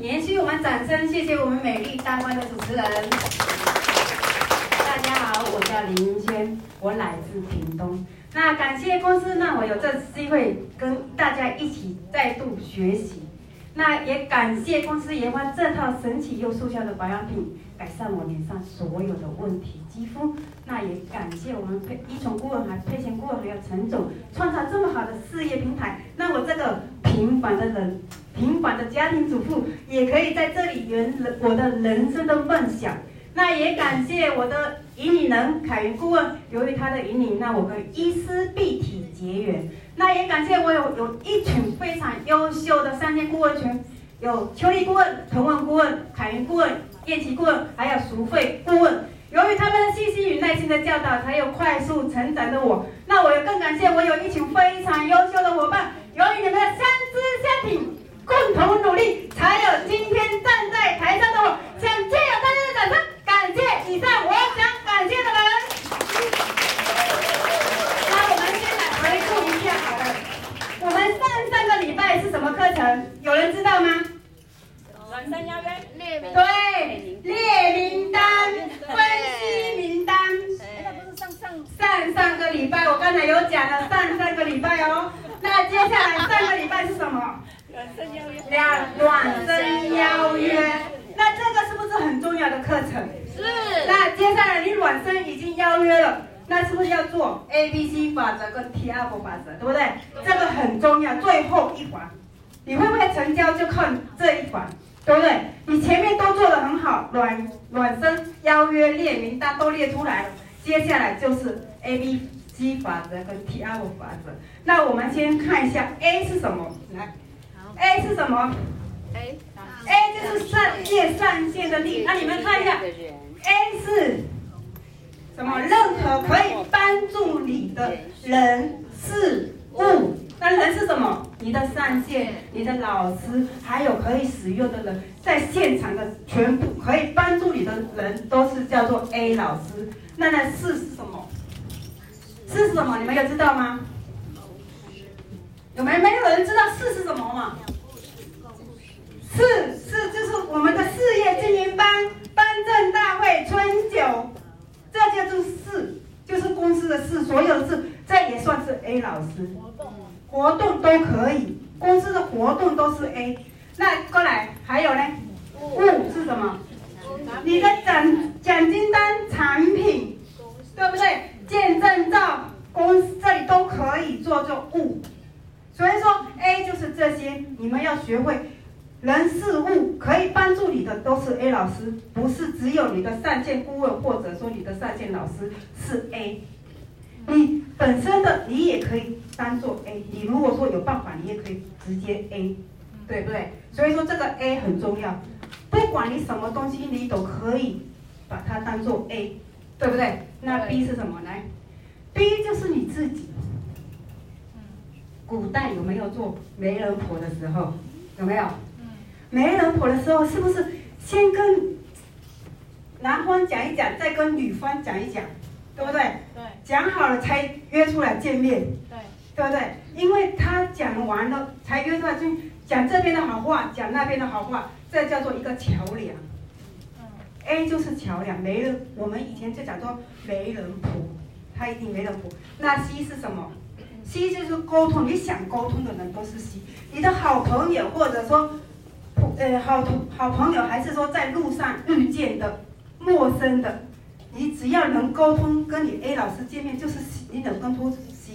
延續我們掌聲，謝謝我們美麗大觀的主持人。大家好，我叫林盈萱，我來自屏東。那感謝公司讓我有這次機會跟大家一起再度學習。那也感謝公司研發這套神奇又速效的保養品，改善我臉上所有的問題肌膚。那也感謝我們配一重顧問，還有配線顧問，還有陳總，創造這麼好的事業平台。那我這個。平凡的人，平凡的家庭主婦也可以在這裡圓我的人生的夢想。那也感謝我的引領人凱雲顧問，由於他的引領，那我跟伊絲碧媞結緣。那也感謝我有有一群非常優秀的商業顧問群，有秋麗顧問、騰文顧問、凱雲顧問、葉琪顧問，還有蘇慧顧問。由於他們的細心與耐心的教導，才有快速成長的我。那我也更感謝我有一群非常優秀的夥伴。由於你們的相知相挺，共同努力，才有今天站在台上的我。請借由大家的掌聲，感謝以上我想感謝的人、嗯。那我們先來回顧一下好了，好、嗯、我們上上個禮拜是什麼課程？有人知道嗎？嗯、對，列名單，分析名單。上上個禮拜我剛才有講了，上上個禮拜哦，那接下來上個禮拜是什麼？暖身邀約。兩暖身邀,約暖身邀約，那這個是不是很重要的課程？是。那接下來你暖身已經邀約了，那是不是要做 A B C 法則跟 T-UP 法則，對不對,對？這個很重要，最後一環，你會不會成交就看這一環，對不對？你前面都做的很好，暖暖身邀約列名單都列出來了。接下來就是 A、B、C 法則和 T-UP 法則。那我們先看一下 A 是什麼？來，A 是什麼？A 就是上線上線的力。那你們看一下，A 是什麼？任何可以幫助你的人事物。那人是什麼？你的上線、你的老師，還有可以使用的人，在現場的全部可以幫助你的人，都是叫做 A 老師。那那四是什麼？四是什麼？你們有知道嗎？有沒有沒有人知道四是什麼嗎？四是就是我們的事業經營班班政大會春酒，這叫做四，就是公司的四，所有的四，這也算是 A 老師活動，活動都可以，公司的活動都是 A。那過來還有呢？五、哦、是什麼？你的獎獎金單產品，對不對？見證照，公司這裡都可以做做物。所以說 A 就是這些，你們要學會人事物可以幫助你的都是 A 老師，不是只有你的上線顧問或者說你的上線老師是 A，你本身的你也可以當做 A，你如果說有辦法，你也可以直接 A，對不對？所以說這個 A 很重要。不管你什麼東西，你都可以把它當做 A，對不對？那 B 是什麼？來，B 就是你自己。古代有沒有做媒人婆的時候？有沒有？媒、嗯、人婆的時候是不是先跟男方講一講，再跟女方講一講，對不對？對。講好了才約出來見面。對。對不對？因為他講完了才約出來，就是、講這邊的好話，講那邊的好話。這叫做一個橋樑，嗯，A 就是橋樑，媒人，我們以前就講說媒人婆，他一定媒人婆。那 C 是什麼？C 就是溝通，你想溝通的人都是 C。你的好朋友，或者說，呃好同好朋友，還是說在路上遇見的陌生的，你只要能溝通，跟你 A 老師見面就是 C，你能溝通 C，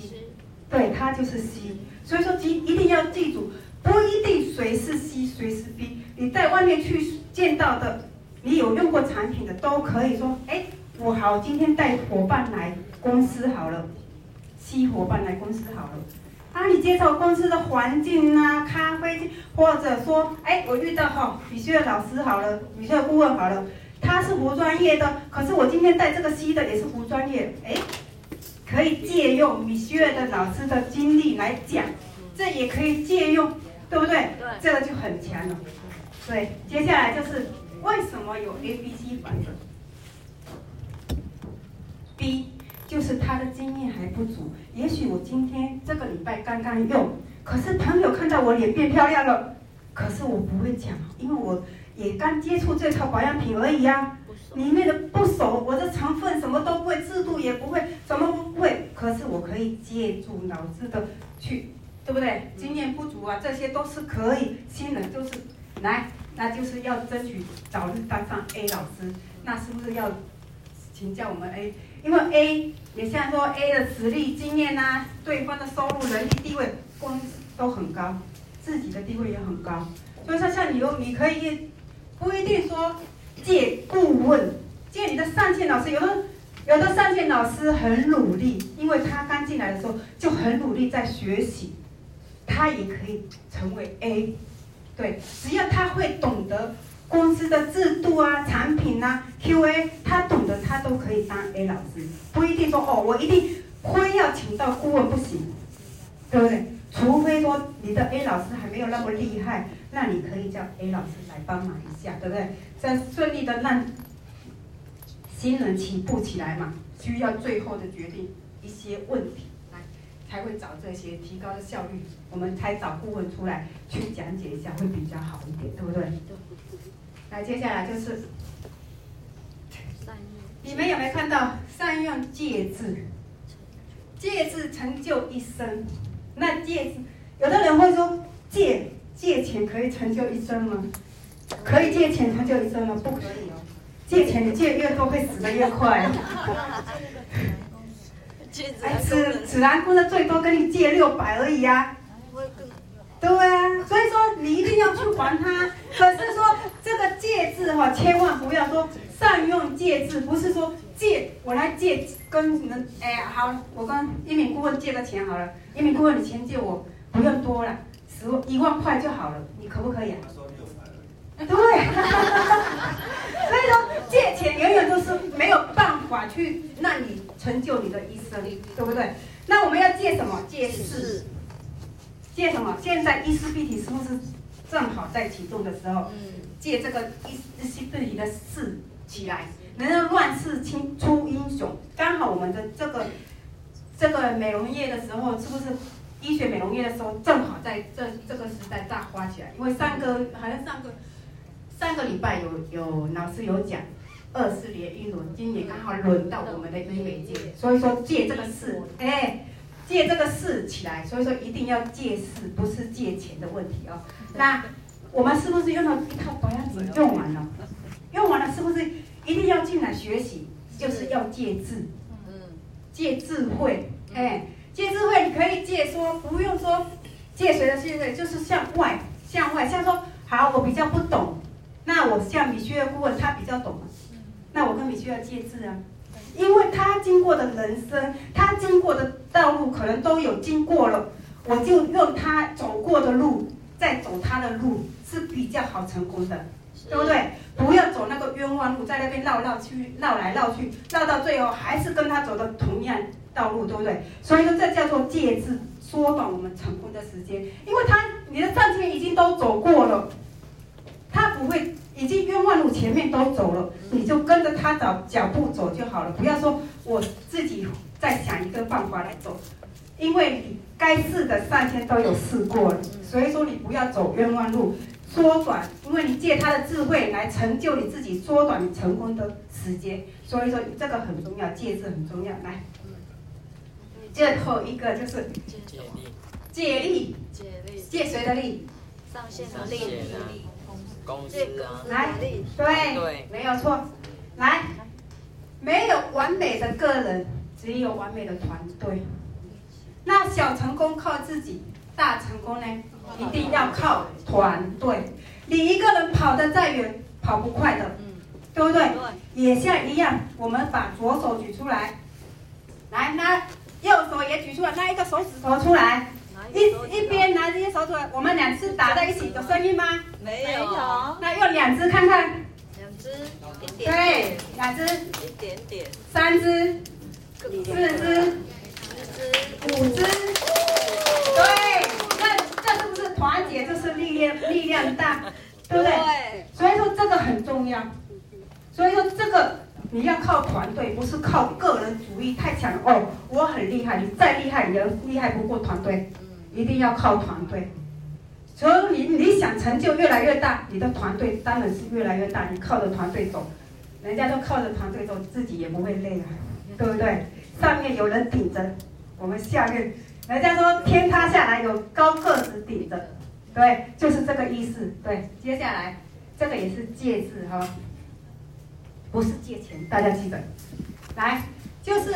對，他就是 C。所以說，記一定要記住，不一定誰是 C，誰是 B。你在外面去見到的，你有用過產品的，都可以說：哎，我好今天帶伙伴來公司好了，新伙伴來公司好了。啊，你介紹公司的環境吶、啊，咖啡，或者說，哎，我遇到哈、哦、米雪兒老師好了，米雪兒顧問好了，他是無專業的，可是我今天帶這個新的也是無專業的，哎，可以借用米雪兒老師的經歷來講，這也可以借用，對不對？對這個就很強了。對，接下來就是為什麼有 A、B、C 法則？B 就是他的經驗還不足，也許我今天這個禮拜剛剛用，可是朋友看到我臉變漂亮了，可是我不會講，因為我也剛接觸這套保養品而已呀、啊，裡面的不熟，我的成分什麼都不會，制度也不會，什麼不會，可是我可以借助腦子的去，對不對、嗯？經驗不足啊，這些都是可以，新人就是。來，那就是要爭取早日當上 A 老師，那是不是要請教我們 A？因為 A 也像說 A 的實力、經驗吶、啊，對方的收入、能力、地位，工資都很高，自己的地位也很高。所以說，像你有，你可以不一定說借顧問，借你的上線老師，有的有的上線老師很努力，因為他剛進來的時候就很努力在學習，他也可以成為 A。對，只要他會懂得公司的制度啊、產品啊、QA，他懂得他都可以當 A 老師，不一定說哦，我一定非要請到顧問不行，對不對？除非說你的 A 老師還沒有那麼厲害，那你可以叫 A 老師來幫忙一下，對不對？再順利的讓新人起步起來嘛，需要最後的決定一些問題。才會找這些提高的效率，我們才找顧問出來去講解一下會比較好一點，對不對？那接下來就是，你們有沒有看到善用借字？借字成就一生。那借字，有的人會說，借借錢可以成就一生嗎？可以借錢成就一生嗎？不可以，借錢你借越多會死得越快。哎，此此男顧問最多跟你借六百而已呀，啊，對啊，所以說你一定要去還他。可是說這個借字哈，千萬不要說善用借字，不是說借我來借跟你們哎，好我跟一敏顧問借個錢好了，一敏顧問的錢借我，不用多了，十萬一萬塊就好了，你可不可以啊？對，所以說借錢永遠都是沒有辦法去讓你成就你的一生，對不對？那我們要借什麼？借勢，借什麼？現在伊絲碧媞是不是正好在啟動的時候？借這個伊絲碧媞的勢起來，能讓亂世出英雄。剛好我們的這個這個美容業的時候，是不是醫學美容業的時候正好在這這個時代大發起來？因為三個好像三個。三個禮拜有有老師有講，二四年一，一輪，今年剛好輪到我們的美界，所以說借這個勢，哎、嗯，借這個勢起來，所以說一定要借勢，不是借錢的問題哦。那我們是不是用了一套保養品用完了？用完了是不是一定要進來學習？就是要借智，嗯，借智慧，哎，借智慧，你可以借說不用說借誰的智慧，就是向外，向外，像說，好，我比較不懂。那我像米雪兒的顧問，他比較懂嗎？那我跟米雪兒要借智啊，因為他經過的人生，他經過的道路可能都有經過了，我就用他走過的路再走他的路，是比較好成功的，對不對？不要走那個冤枉路，在那邊繞繞去，繞來繞去，繞到最後還是跟他走的同樣道路，對不對？所以說，這叫做借智，縮短我們成功的時間，因為他你的賺錢已經都走過了。他不會，已經冤枉路前面都走了，你就跟着他的腳步走就好了，不要說我自己再想一個辦法來走，因為該試的上線都有試過了，所以說你不要走冤枉路，縮短，因為你借他的智慧來成就你自己，縮短你成功的時間，所以說這個很重要，借智很重要。來，嗯、最後一個就是借力，借力，借誰的力？上線的力。來，對，沒有錯。來，沒有完美的個人，只有完美的團隊。那小成功靠自己，大成功呢，一定要靠團隊。你一個人跑得再遠，跑不快的，嗯、對不對，對？也像一樣，我們把左手舉出來，來拿右手也舉出來，拿一個手指頭出來，一一邊拿一個手指頭，頭個指頭，我們兩次打在一起，啊、有聲音嗎？沒有，那用兩隻看看。兩隻，對，一點點，兩隻，一點點，三隻，一點點，四隻，十隻，五隻，哦、對，那這，這是不是團結？就是力量，力量大，對不對？對。所以說這個很重要，所以說這個你要靠團隊，不是靠個人主義太強哦，我很厲害，你再厲害也厲害不過團隊，一定要靠團隊。所以你你想成就越來越大，你的團隊當然是越來越大。你靠着團隊走，人家都靠着團隊走，自己也不會累啊，對不對？上面有人頂着，我們下面人家說天塌下來有高個子頂着，對，就是這個意思。對，接下來這個也是借字哈，不是借錢，大家記得。來，就是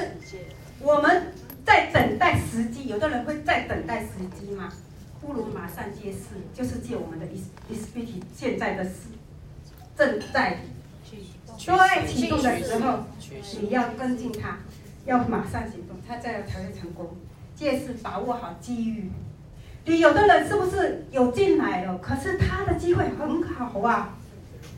我們在等待時機，有的人會在等待時機嘛。不如馬上借勢，就是借我們的伊絲碧媞現在的勢，正在正在啟動的時候，你要跟進他，要馬上行動，他這樣才會成功。借勢把握好機遇，你有的人是不是有進來了？可是他的機會很好啊，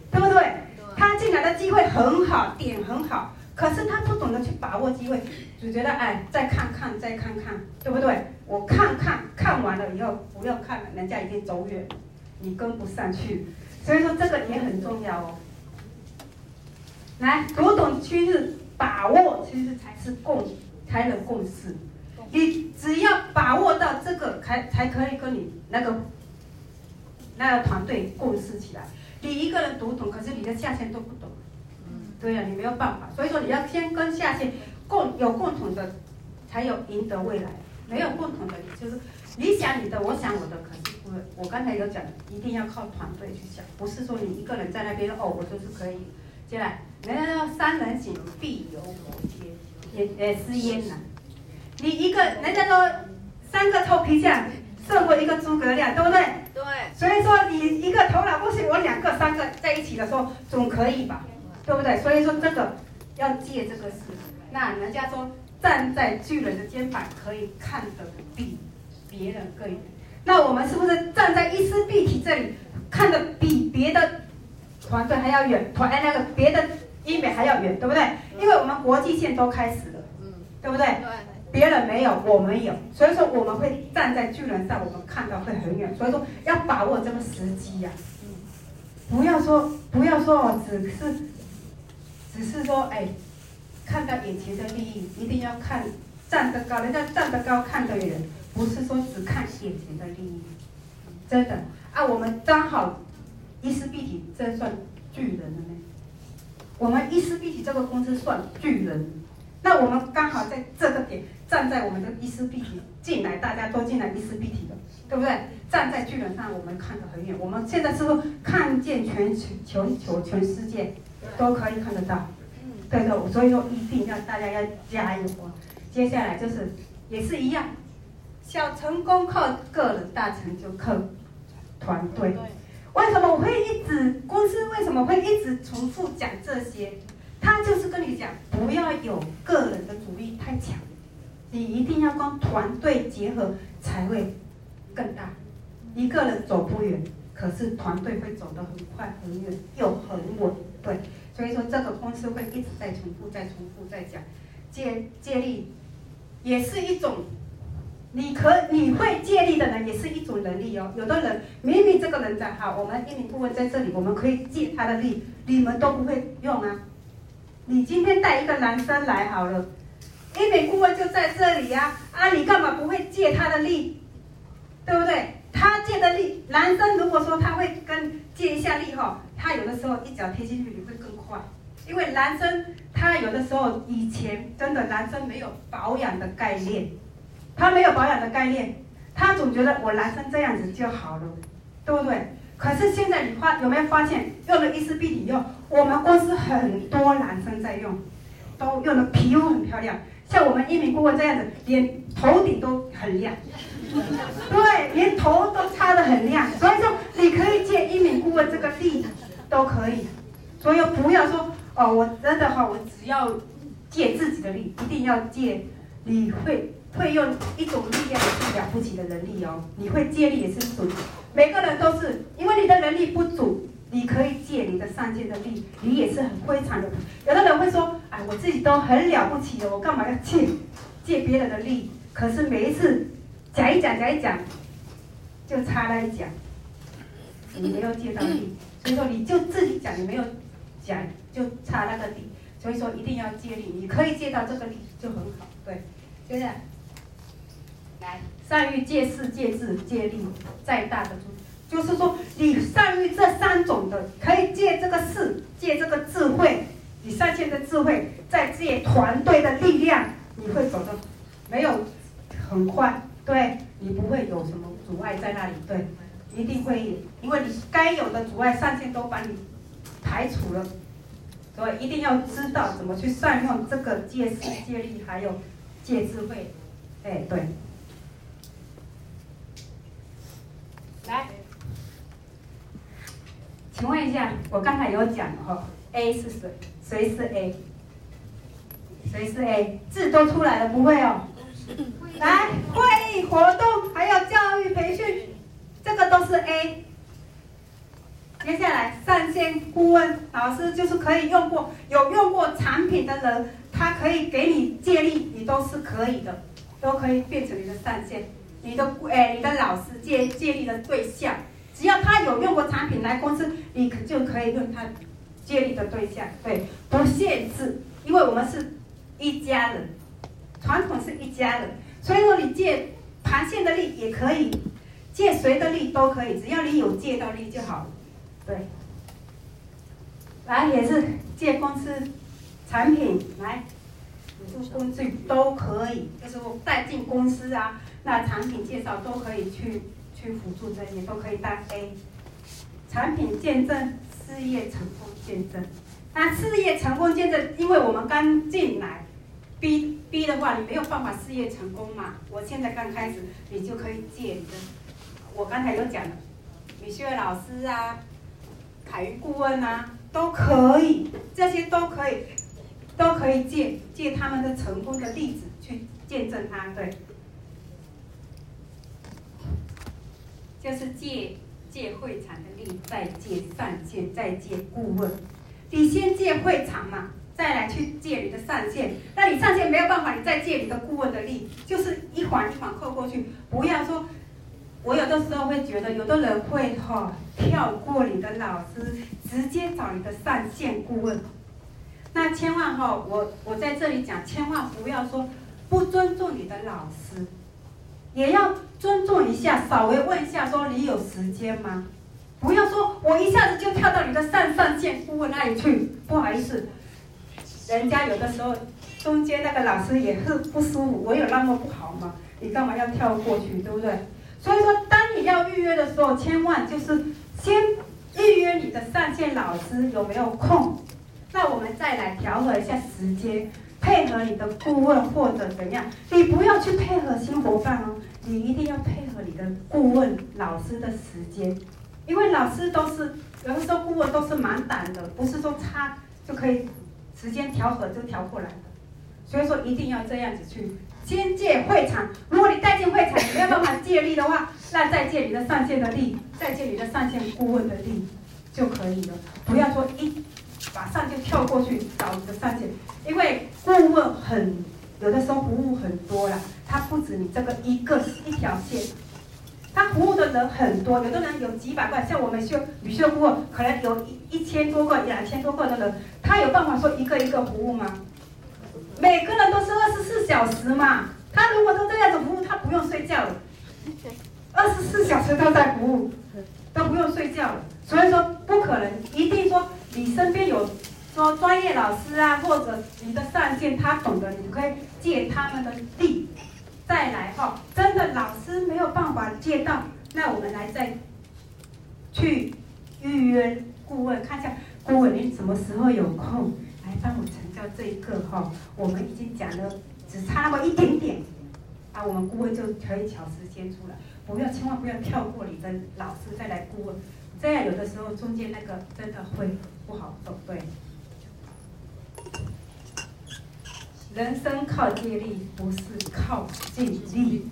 對不對？他進來的機會很好，點很好，可是他不懂得去把握機會。就覺得哎，再看看，再看看，對不對？我看看看完了以後，不用看了，人家已經走遠，你跟不上去。所以說這個也很重要哦。來讀懂趨勢，其實把握趨勢才是共，才能共識。你只要把握到這個，才才可以跟你那個那個團隊共識起來。你一個人讀懂，可是你的下線都不懂，對呀，啊，你沒有辦法。所以說你要先跟下線。共有共同的，才有贏得未來。沒有共同的，就是你想你的，我想我的。可是我我剛才有講，一定要靠團隊去想。不是說你一個人在那邊哦，我說是可以。接下來，人家說三人行必有我師焉，焉是焉吶。你一個人家說三個臭皮匠勝過一個諸葛亮，對不對？對。所以說你一個頭腦不行，我兩個三個在一起的時候總可以吧？對不對？所以說這個要借這個事情。那人家說，站在巨人的肩膀，可以看得比別人更遠。那我們是不是站在一絲必提這裡看得比別的團隊還要遠，團、哎、那個別的醫美還要遠，對不對、嗯？因為我們國際線都開始了，嗯，對不對？對，別人沒有，我們有，所以說我們會站在巨人上，我們看到會很遠。所以說要把握這個時機呀，嗯，不要說不要說只是只是說哎。看到眼前的利益，一定要看站得高。人家站得高，看得遠，不是說只看眼前的利益。真的啊，我們剛好伊絲碧媞，這算巨人了呢。我們伊絲碧媞這個公司算巨人，那我們剛好在這個點站在我們的伊絲碧媞進來，大家都進來伊絲碧媞的，對不對？站在巨人上，我們看得很遠。我們現在是不是看見全球全球全世界都可以看得到？對的，所以說，一，說一定要大家要加油哦。接下來就是，也是一樣，小成功靠個人大，大成就靠團隊對對。為什麼我會一直，公司為什麼會一直重複講這些？他就是跟你講，不要有個人的主意太強，你一定要跟團隊結合才會更大。一個人走不遠，可是團隊會走得很快、很遠又很穩。所以說這個公司會一直在重複、在重複、在講借借力，也是一種，你可你會借力的人也是一種能力哦。有的人明明這個人在好，我們 A 美顧問在這裡，我們可以借他的力，你們都不會用啊。你今天帶一個男生來好了，A 美顧問就在這裡呀，啊、啊，你幹嘛不會借他的力？對不對？他借的力，男生如果說他會跟借一下力哈、哦，他有的時候一腳踢進去，你會。因為男生他有的時候以前真的男生沒有保養的概念，他沒有保養的概念，他總覺得我男生這樣子就好了，對不對？可是現在你發有沒有發現用了伊絲碧媞以後，我們公司很多男生在用，都用的皮膚很漂亮，像我們一名顧問這樣子，連頭頂都很亮，對，連頭都擦得很亮。所以說你可以借一名顧問這個力，都可以。所以不要說。哦、oh,，我真的哈，我只要借自己的力，一定要借。你會會用一種力量，是了不起的能力哦。你會借力也是足。每個人都是，因為你的能力不足，你可以借你的上天的力，你也是很非常的。有的人會說：“哎，我自己都很了不起的，哦，我幹嘛要借借別人的力？”可是每一次講一講，講一講，就差那一講，你沒有借到力。所以說，你就自己講，你沒有。講就差那個底，所以說一定要借力。你可以借到這個力就很好，對，就是。來，善於借勢、借智、借力，再大的，就是說你善於這三種的，可以借這個勢、借這個智慧，你上線的智慧，再借團隊的力量，你會走得沒有很快，對，你不會有什麼阻礙在那裡，對，一定會，因為你該有的阻礙上線都把你排除了。所以一定要知道怎麼去善用這個借勢、借力，還有借智慧。哎，對。來，請問一下，我剛才有講哈，哦，A 是誰？誰是 A？誰是 A？字都出來了，不會哦。來，會議活動還有教育培訓，這個都是 A。接下來，上線顧問老師就是可以用過有用過產品的人，他可以給你借力，你都是可以的，都可以變成你的上線，你的哎、欸、你的老師借借力的對象只要他有用過產品來公司，你就可以用他借力的對象，對，不限制，因為我們是一家人，傳統是一家人，所以說你借旁線的力也可以，借誰的力都可以，只要你有借到力就好了。對，來也是借公司產品來輔助工具都可以，就是我帶進公司啊。那產品介紹都可以去去輔助這些，也都可以帶 A。產品見證事業成功見證，那事業成功見證，因為我們剛進來，B B 的話你沒有辦法事業成功嘛。我現在剛開始，你就可以借你的，我剛才有講米雪老師啊。海顧問啊，都可以，這些都可以，都可以借借他們的成功的例子去見證他。對，就是借借會場的力，再借上線，再借顧問。你先借會場嘛，再來去借你的上線。那你上線沒有辦法，你再借你的顧問的力，就是一環一環扣過去，不要說。我有的時候會覺得，有的人會哈跳過你的老師，直接找你的上線顧問。那千萬哈，我我在這裡講，千萬不要說不尊重你的老師，也要尊重一下，稍微問一下說你有時間嗎？不要說我一下子就跳到你的上上線顧問那裡去，不好意思，人家有的時候中間那個老師也是不舒服，我有那麼不好嗎？你幹嘛要跳過去，對不對？所以說，當你要預約的時候，千萬就是先預約你的上線老師有沒有空，那我們再來調和一下時間，配合你的顧問或者怎樣。你不要去配合新夥伴哦，你一定要配合你的顧問老師的時間，因為老師都是有的時候顧問都是滿檔的，不是說差就可以時間調和就調過來的。所以說，一定要這樣子去。先借會場，如果你帶進會場你沒有辦法借力的話，那再借你的上線的力，再借你的上線顧問的力就可以了。不要說一馬上就跳過去找你的上線，因為顧問很，有的時候服務很多啦，他不止你這個一個一條線，他服務的人很多，有的人有幾百個，像我們修女性顧問可能有一一千多個、兩千多個的人，他有辦法說一個一個服務嗎？每個人都是二十四小時嘛，他如果都這樣子服務，他不用睡覺了，二十四小時都在服務，都不用睡覺了。所以說不可能，一定說你身邊有說專業老師啊，或者你的上線他懂得，你可以借他們的力再來哈。真的老師沒有辦法借到，那我們來再去預約顧問看一下，顧問你什麼時候有空？來幫我成交這一個哈，我們已經講了，只差那麼一點點，啊，我們顧問就可以調時間出來，不要千萬不要跳過你的老師再來顧問，這樣有的時候中間那個真的會不好走，對。人生靠借力，不是靠盡力。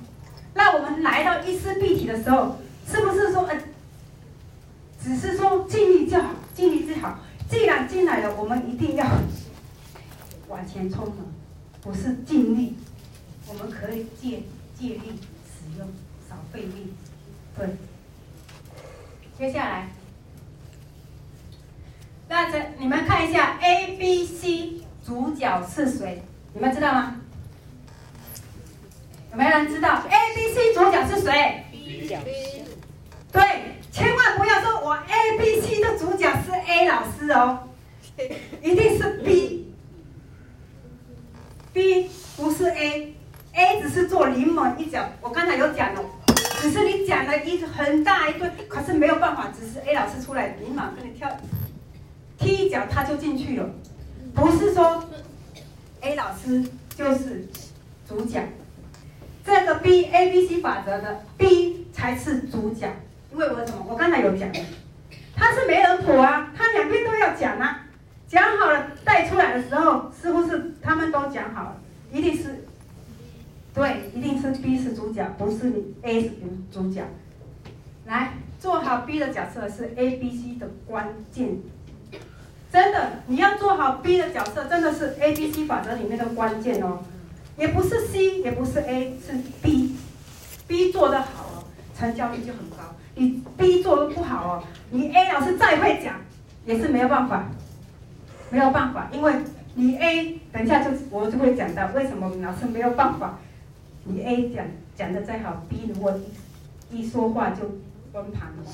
那我們來到伊絲碧媞的時候，是不是說呃，只是說盡力就好，盡力最好。既然進來了，我們一定要往前衝了。不是盡力，我們可以借借力使用，少費力。對，接下來，那這你們看一下 A、B、C 主角是誰？你們知道嗎？有沒有人知道 A、B、C 主角是誰？B、C 對。老師哦，一定是 B，B 不是 A，A 只是做臨門一腳。我剛才有講哦，只是你講了一很大一頓，可是沒有辦法，只是 A 老師出來臨門跟你跳，踢一腳他就進去了。不是說 A 老師就是主講，這個 B A B C 法則的 B 才是主講，因為我怎麼？我剛才有講。他是沒有譜啊，他兩邊都要講啊，講好了帶出來的時候，是不是他們都講好了？一定是，對，一定是 B 是主角，不是你 A 是主角。來，做好 B 的角色是 ABC 的關鍵，真的你要做好 B 的角色，真的是 ABC 法則裡面的關鍵哦，也不是 C 也不是 A 是 B，B 做得好哦，成交率就很高。你 B 做的不好哦，你 A 老師再會講，也是沒有辦法，沒有辦法，因為你 A 等一下就我就會講到為什麼老師沒有辦法，你 A 講講的再好，B 如果一說話就崩盤了，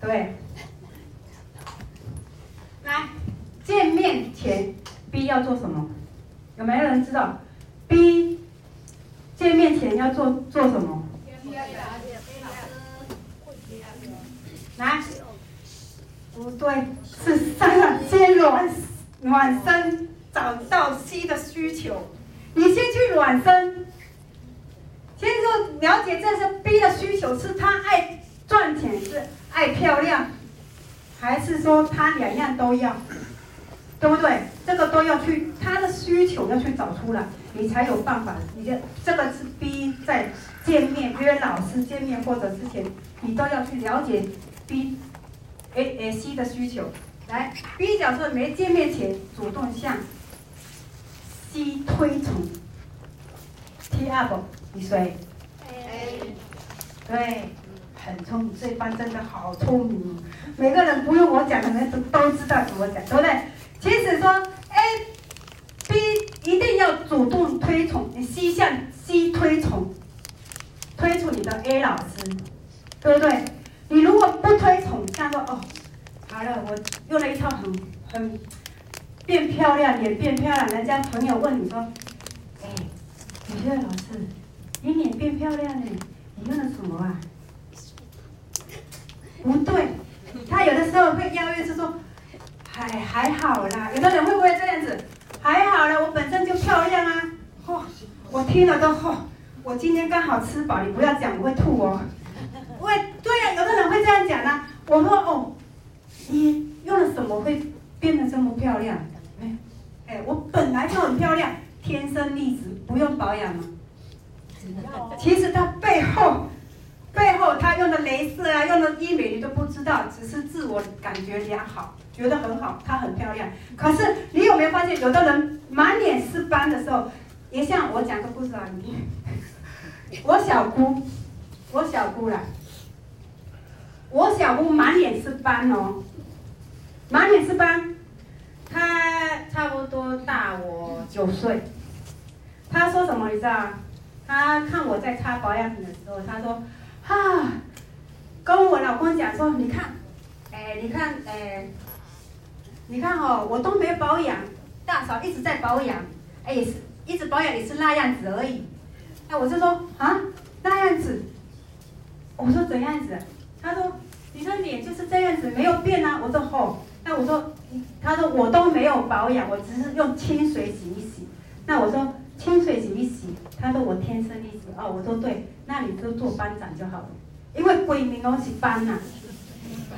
對，來，見面前 B 要做什麼？有沒有人知道？B 見面前要做做什麼？來、啊，不對，是先暖暖身，找到 C 的需求，你先去暖身，先說了解這些 B 的需求，是他愛賺錢，是愛漂亮，還是說他兩樣都要，對不對？這個都要去，他的需求要去找出來，你才有辦法。你這這個是 B 在見面約老師見面或者之前，你都要去了解。B、A、A、C 的需求，來，B 角色沒見面前主動向 C 推崇，T-UP 你誰？A 對，很聰明，這幫真的好聰明，每個人不用我講的人都，都知道怎麼講，對不對？其實說 A、B 一定要主動推崇，你 C 向 C 推崇，推崇你的 A 老師，對不對？他說哦，好了，我用了一套很很變漂亮，臉變漂亮。人家朋友問你說，哎、欸，李月老師，你臉變漂亮了，欸，你用的什麼啊？ 不對，他有的時候會邀約是說，還還好啦。有的人會不會這樣子？還好了，我本身就漂亮啊。哦，我聽了都，哦、我今天剛好吃飽，你不要講，我會吐哦。喂，對呀，啊、有的人會這樣講啊我說哦，你用了什麼會變得這麼漂亮？哎，我本來就很漂亮，天生麗質，不用保養嘛、哦。其實她背後，背後她用的鐳射啊，用的醫美你都不知道，只是自我感覺良好，覺得很好，她很漂亮。可是你有沒有發現，有的人滿臉是斑的時候，也像我講個故事啊，你，我小姑，我小姑啦。我小姑滿臉是斑哦，滿臉是斑，她差不多大我九歲。她說什麼你知道？她看我在擦保養品的時候，她說：“哈、啊，跟我老公講說，你看，哎，你看，哎，你看哈、哦，我都沒保養，大嫂一直在保養，哎，是一直保養也是那樣子而已。哎，我就說啊，那樣子，我說怎樣子、啊？”他說：“你的臉就是這樣子，沒有變啊。”我說：“好，哦，那我說：“他說我都沒有保養，我只是用清水洗一洗。”那我說：“清水洗一洗。”他說：“我天生麗質。”哦，我說對。那你就做班長就好了，因為閨蜜都是班吶，啊。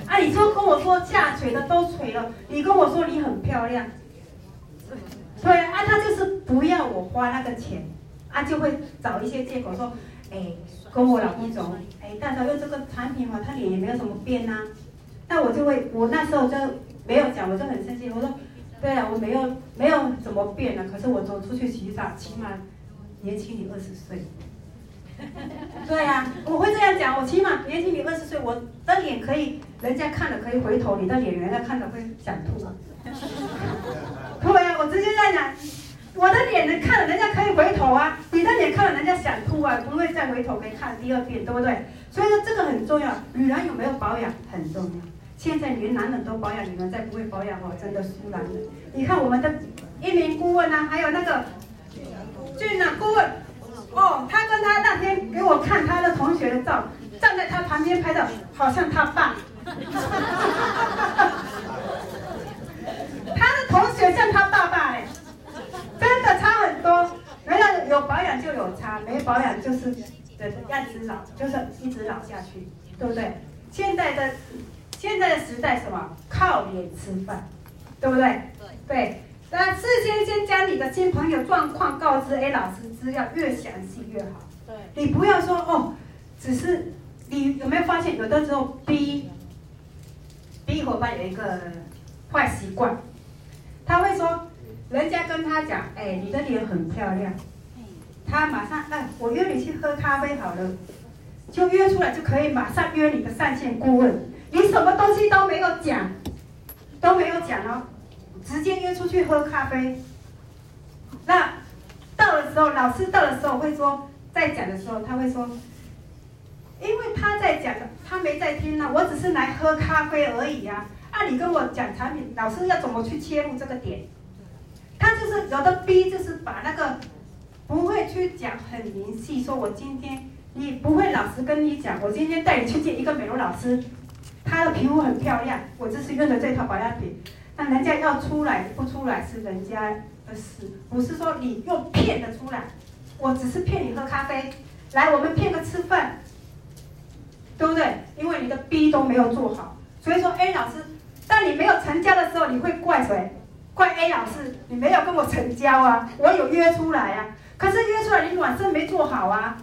啊，你說跟我說下垂的都垂了，你跟我說你很漂亮。對，對啊，啊，他就是不要我花那個錢，啊，就會找一些借口說，哎，欸。跟我老公走，哎，大家用這個產品嘛、啊，他臉也沒有什麼變吶、啊。那我就會，我那時候就沒有講，我就很生氣，我說，對呀、啊，我沒有沒有怎麼變了、啊、可是我走出去洗澡，起碼年輕你二十歲。對呀、啊，我會這樣講，我起碼年輕你二十歲，我的臉可以，人家看了可以回頭，你的臉人家看了會想吐、啊。對呀、啊，我直接這樣講。我的臉看了人家可以回頭啊，你的臉看了人家想吐啊，不會再回頭可以看第二遍，對不對？所以說這個很重要，女人有沒有保養很重要。現在連男人都保養，女人再不會保養哦，真的輸了。你看我們的，一名顧問啊，還有那個俊朗顧問，哦，他跟他那天給我看他的同學的照，站在他旁邊拍照，好像他爸， 他的同學像他爸爸。有保養就有差，沒保養就是對，的一直老，就是一直老下去，對不對？現在的現在的時代什麼？靠臉吃飯，對不對？對。對那事先先將你的新朋友狀況告知 A 老師，資料越詳細越好。對。你不要說哦，只是你有沒有發現，有的時候 B B 夥伴有一個壞習慣，他會說人家跟他講，哎，你的臉很漂亮。他馬上哎，我約你去喝咖啡好了，就約出來就可以馬上約你的上線顧問。你什麼東西都沒有講，都沒有講哦，直接約出去喝咖啡。那到的時候，老師到的時候會說，在講的時候他會說，因為他在講，他沒在聽呢、啊。我只是來喝咖啡而已呀、啊。啊，你跟我講產品，老師要怎麼去切入這個點？他就是有的逼，就是把那個。不會去講很明細，說我今天你不會老實跟你講，我今天帶你去見一個美容老師，她的皮膚很漂亮，我只是用的這套保養品，那人家要出來不出來是人家的事，不是說你又騙得出來，我只是騙你喝咖啡，來我們騙個吃飯，對不對？因為你的 B 都沒有做好，所以說 A 老師，當你沒有成交的時候，你會怪誰？怪 A 老師，你沒有跟我成交啊，我有約出來啊。可是約出來，你暖身沒做好啊？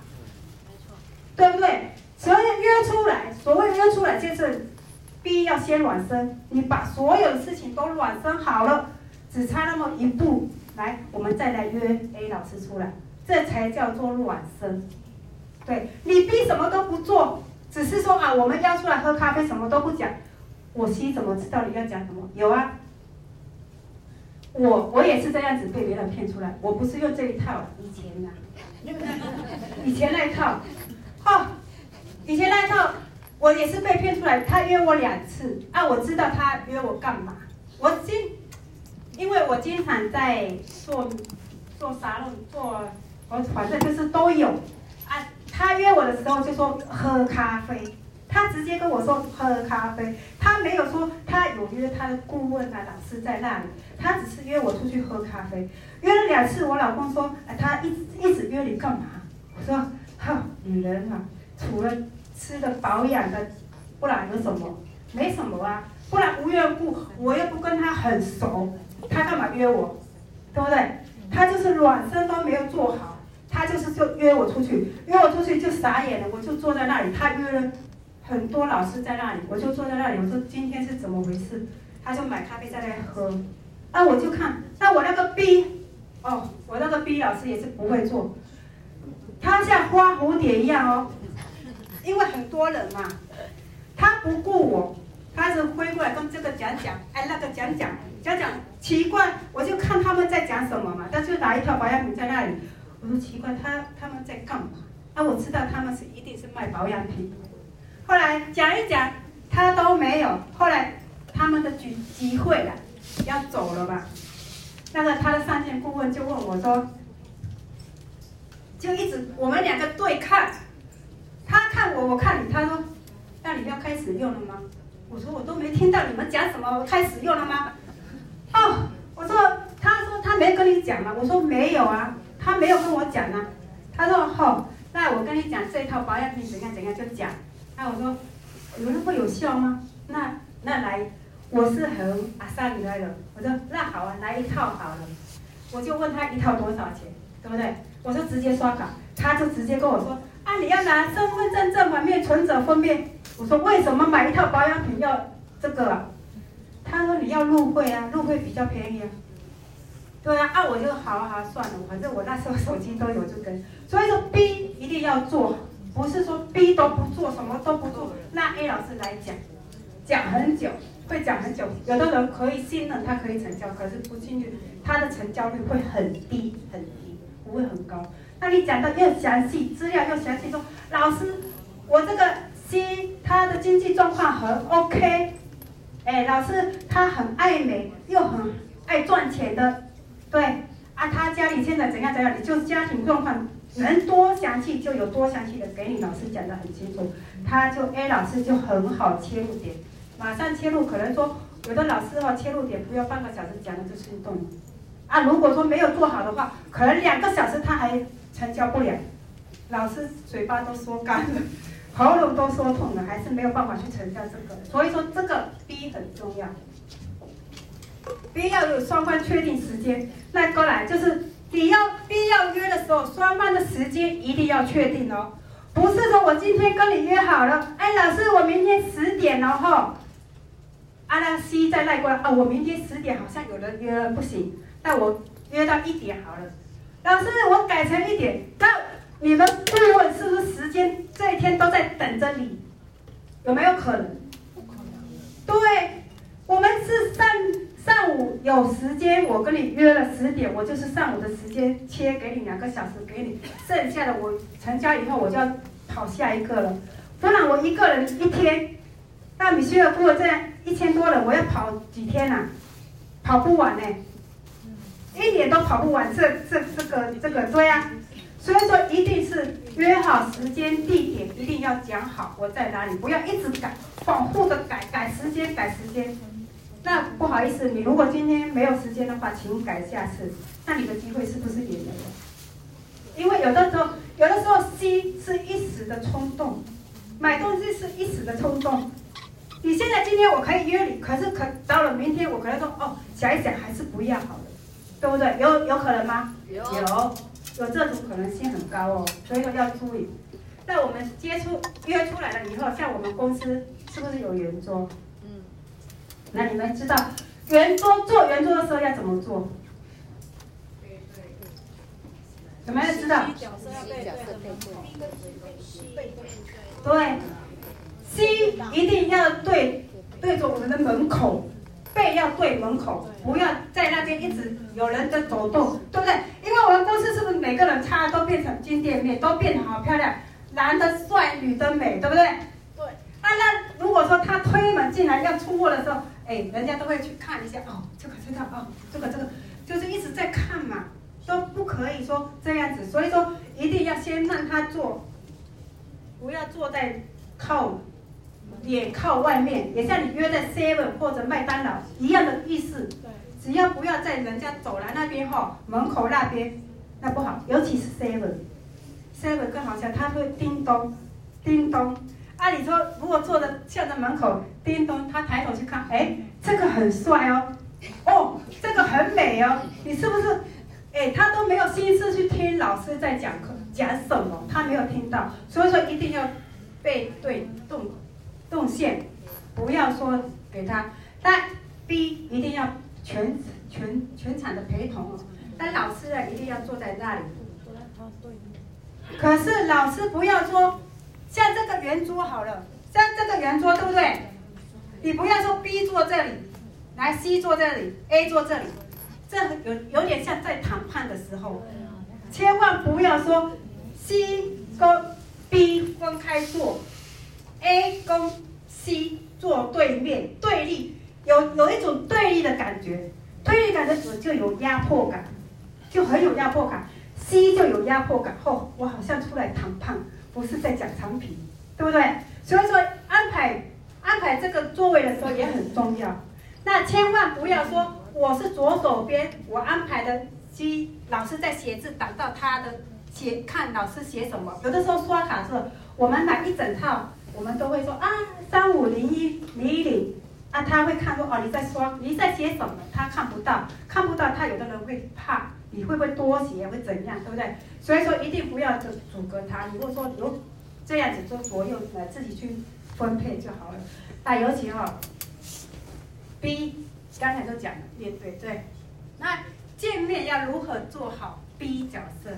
沒錯，對不對？所以約出來，所謂約出來就是，B 要先暖身。你把所有的事情都暖身好了，只差那麼一步。來，我們再來約 A 老師出來，這才叫做暖身。對，你 B 什麼都不做，只是說啊，我們要出來喝咖啡，什麼都不講。我 C 怎麼知道你要講什麼？有啊。我我也是這樣子被別人騙出來，我不是用這一套，以前呢、啊， 以前那一套，哈、哦，以前那一套，我也是被騙出來。他約我兩次，啊，我知道他約我幹嘛。我經，因為我經常在做做沙龍做，我反正就是都有。啊，他約我的時候就說喝咖啡。他直接跟我說喝咖啡，他沒有說他有約他的顧問啊老師在那裡，他只是約我出去喝咖啡。約了兩次，我老公說：“哎，他一直一直約你幹嘛？”我說：“哼、哦，女人嘛、啊，除了吃的保養的，不然有什麼？沒什麼啊，不然無緣無故，我又不跟他很熟，他幹嘛約我？對不對？他就是暖身都沒有做好，他就是就約我出去，約我出去就傻眼了，我就坐在那裡，他約了。”很多老師在那裡，我就坐在那裡。我說，今天是怎麼回事？他就買咖啡在那裡喝。那我就看，那我那個 B，哦，我那個 B 老師也是不會做，他像花蝴蝶一樣哦，因為很多人嘛，他不顧我，他是飛過來跟這個講講，哎那個講講，講講，奇怪，我就看他們在講什麼嘛，他就拿一套保養品在那裡，我說奇怪，他他們在幹嘛？那我知道他們是一定是賣保養品。後來講一講，他都沒有。後來他們的局機會了，要走了吧？那個他的上線顧問就問我說：“就一直我們兩個對看，他看我，我看你。他說：‘那你要開始用了嗎？’我說：‘我都沒聽到你們講什麼，我開始用了嗎？’哦，我說：‘他說他沒跟你講嗎？’我說：‘沒有啊，他沒有跟我講啊。’他說：‘哦，那我跟你講這套保養品怎樣怎樣就講。’那、啊、我說有那麼有效嗎？那那來，我是很阿薩裡來的。我說那好啊，來一套好了。我就問他一套多少錢，對不對？我說直接刷卡，他就直接跟我說啊，你要拿身份證正反面、存折封面。我說為什麼買一套保養品要這個、啊？他說你要入會啊，入會比較便宜啊。對啊，啊，我就好、啊、好、啊、算了，反正我那時候手機都有，就跟所以說 B 一定要做。不是說 B 都不做，什麼都不做，那 A 老師來講，講很久，會講很久。有的人可以信任他可以成交，可是不信任他的成交率會很低很低，不會很高。那你講的越詳細，資料越詳細說，說老師，我這個 C 他的經濟狀況很 OK，哎，老師他很愛美，又很愛賺錢的，對，啊，他家裡現在怎樣怎樣，你就是家庭狀況。能多詳細就有多詳細的，給你老師講得很清楚。他就 A 老師就很好切入點，馬上切入。可能說有的老師哈、哦，切入點不要半個小時講了就心動了啊。如果說沒有做好的話，可能兩個小時他還成交不了，老師嘴巴都說乾了，喉嚨都說痛了，還是沒有辦法去成交這個。所以說這個 B 很重要，B 要有雙方確定時間。那過、個、來就是。你要必要約的時候，雙方的時間一定要確定哦，不是說我今天跟你約好了，哎，老師，我明天十點哦。吼阿拉西再賴過來啊，我明天十點好像有人約了不行，那我約到一點好了，老師我改成一點，那你們顧問是不是時間這一天都在等着你，有沒有可能？不可能。對，我們是上。上午有時間，我跟你約了十點，我就是上午的時間切給你兩個小時，給你剩下的我成交以後我就要跑下一個了，不然我一個人一天，那你需要過這樣一千多人，我要跑幾天吶、啊？跑不完誒，一點都跑不完，這這這個這個對呀、啊，所以說一定是約好時間地點，一定要講好我在哪裡，不要一直改反覆的改改時間改時間。那不好意思，你如果今天沒有時間的話，請改下次。那你的機會是不是也沒有？因為有的時候，有的時候，C 是一時的衝動，買東西是一時的衝動。你現在今天我可以約你，可是可到了明天，我可能說哦，想一想還是不要好了，對不對？有有可能嗎？有，有這種可能性很高哦，所以說要注意。在我們接觸約出來了以後，像我們公司是不是有圓桌？那你們知道圓桌做圓桌的時候要怎麼做？怎麼樣知道？對，C 一定要對對着我們的門口，背要對，對，對，對，對，對門口對對，不要在那邊一直有人在走動，對不對？因為我們公司是不是每個人擦都變成金店面，都變得好漂亮，男的帥，女的美，對不對？對。那、啊、那如果說他推門進來要出貨的時候。哎，人家都會去看一下哦，這個這個哦，這個這個，就是一直在看嘛，都不可以說這樣子，所以說一定要先讓他坐，不要坐在靠，也靠外面，也像你約在 seven 或者麥當勞一樣的意思，只要不要在人家走廊那邊哈、哦，門口那邊，那不好，尤其是 seven，seven 更 seven 好笑，他會叮咚，叮咚，按、啊、理說如果坐在站在門口。叮咚，他抬頭去看，哎，這個很帥哦，哦，這個很美哦，你是不是？哎，他都沒有心思去聽老師在講課講什麼，他沒有聽到，所以說一定要背對動動線，不要說給他。但 B 一定要全全全場的陪同哦。但老師啊一定要坐在那裡。可是老師不要說，像這個圓桌好了，像這個圓桌對不對？你不要說 B 坐這裡，來 C 坐這裡，A 坐這裡，這有有點像在談判的時候，千萬不要說 C 跟 B 分開坐，A 跟 C 坐對面，對立有有一種對立的感覺，對立感的時候就有壓迫感，就很有壓迫感，C 就有壓迫感。哦，我好像出來談判，不是在講產品，對不對？所以說安排。安排這個座位的時候也很重要，那千萬不要說我是左手邊，我安排的機，老師在寫字，擋到他的寫，看老師寫什麼。有的時候刷卡是，我們買一整套，我們都會說啊，三五零一零一啊，他會看說哦，你在刷，你在寫什麼？他看不到，看不到，他有的人會怕，你會不會多寫，會怎樣，對不對？所以說一定不要就阻隔他。如果說有這樣子做，左右來自己去，分配就好了，尤其哈，B 剛才都講了面對，對，那見面要如何做好 B 角色，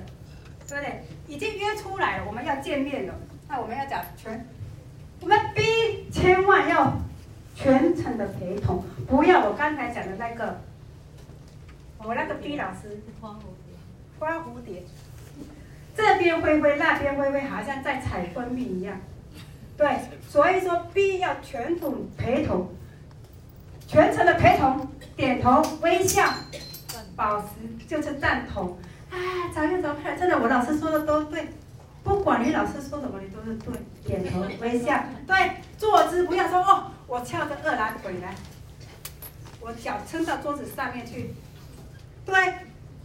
對不對？已經約出來了，我們要見面了，那我們要講全，我們 B 千萬要全程的陪同，不要我剛才講的那個，我那個 B 老師花蝴蝶，花蝴蝶，這邊揮揮那邊揮揮，好像在採蜂蜜一樣。對，所以說 B 要全程陪同，全程的陪同，點頭微笑，保持就是贊同。啊，左看走開，真的，我老師說的都對。不管你老師說什麼，你都是對。點頭微笑，對，坐姿不要說哦，我翹着二郎腿來，我腳撐到桌子上面去，對，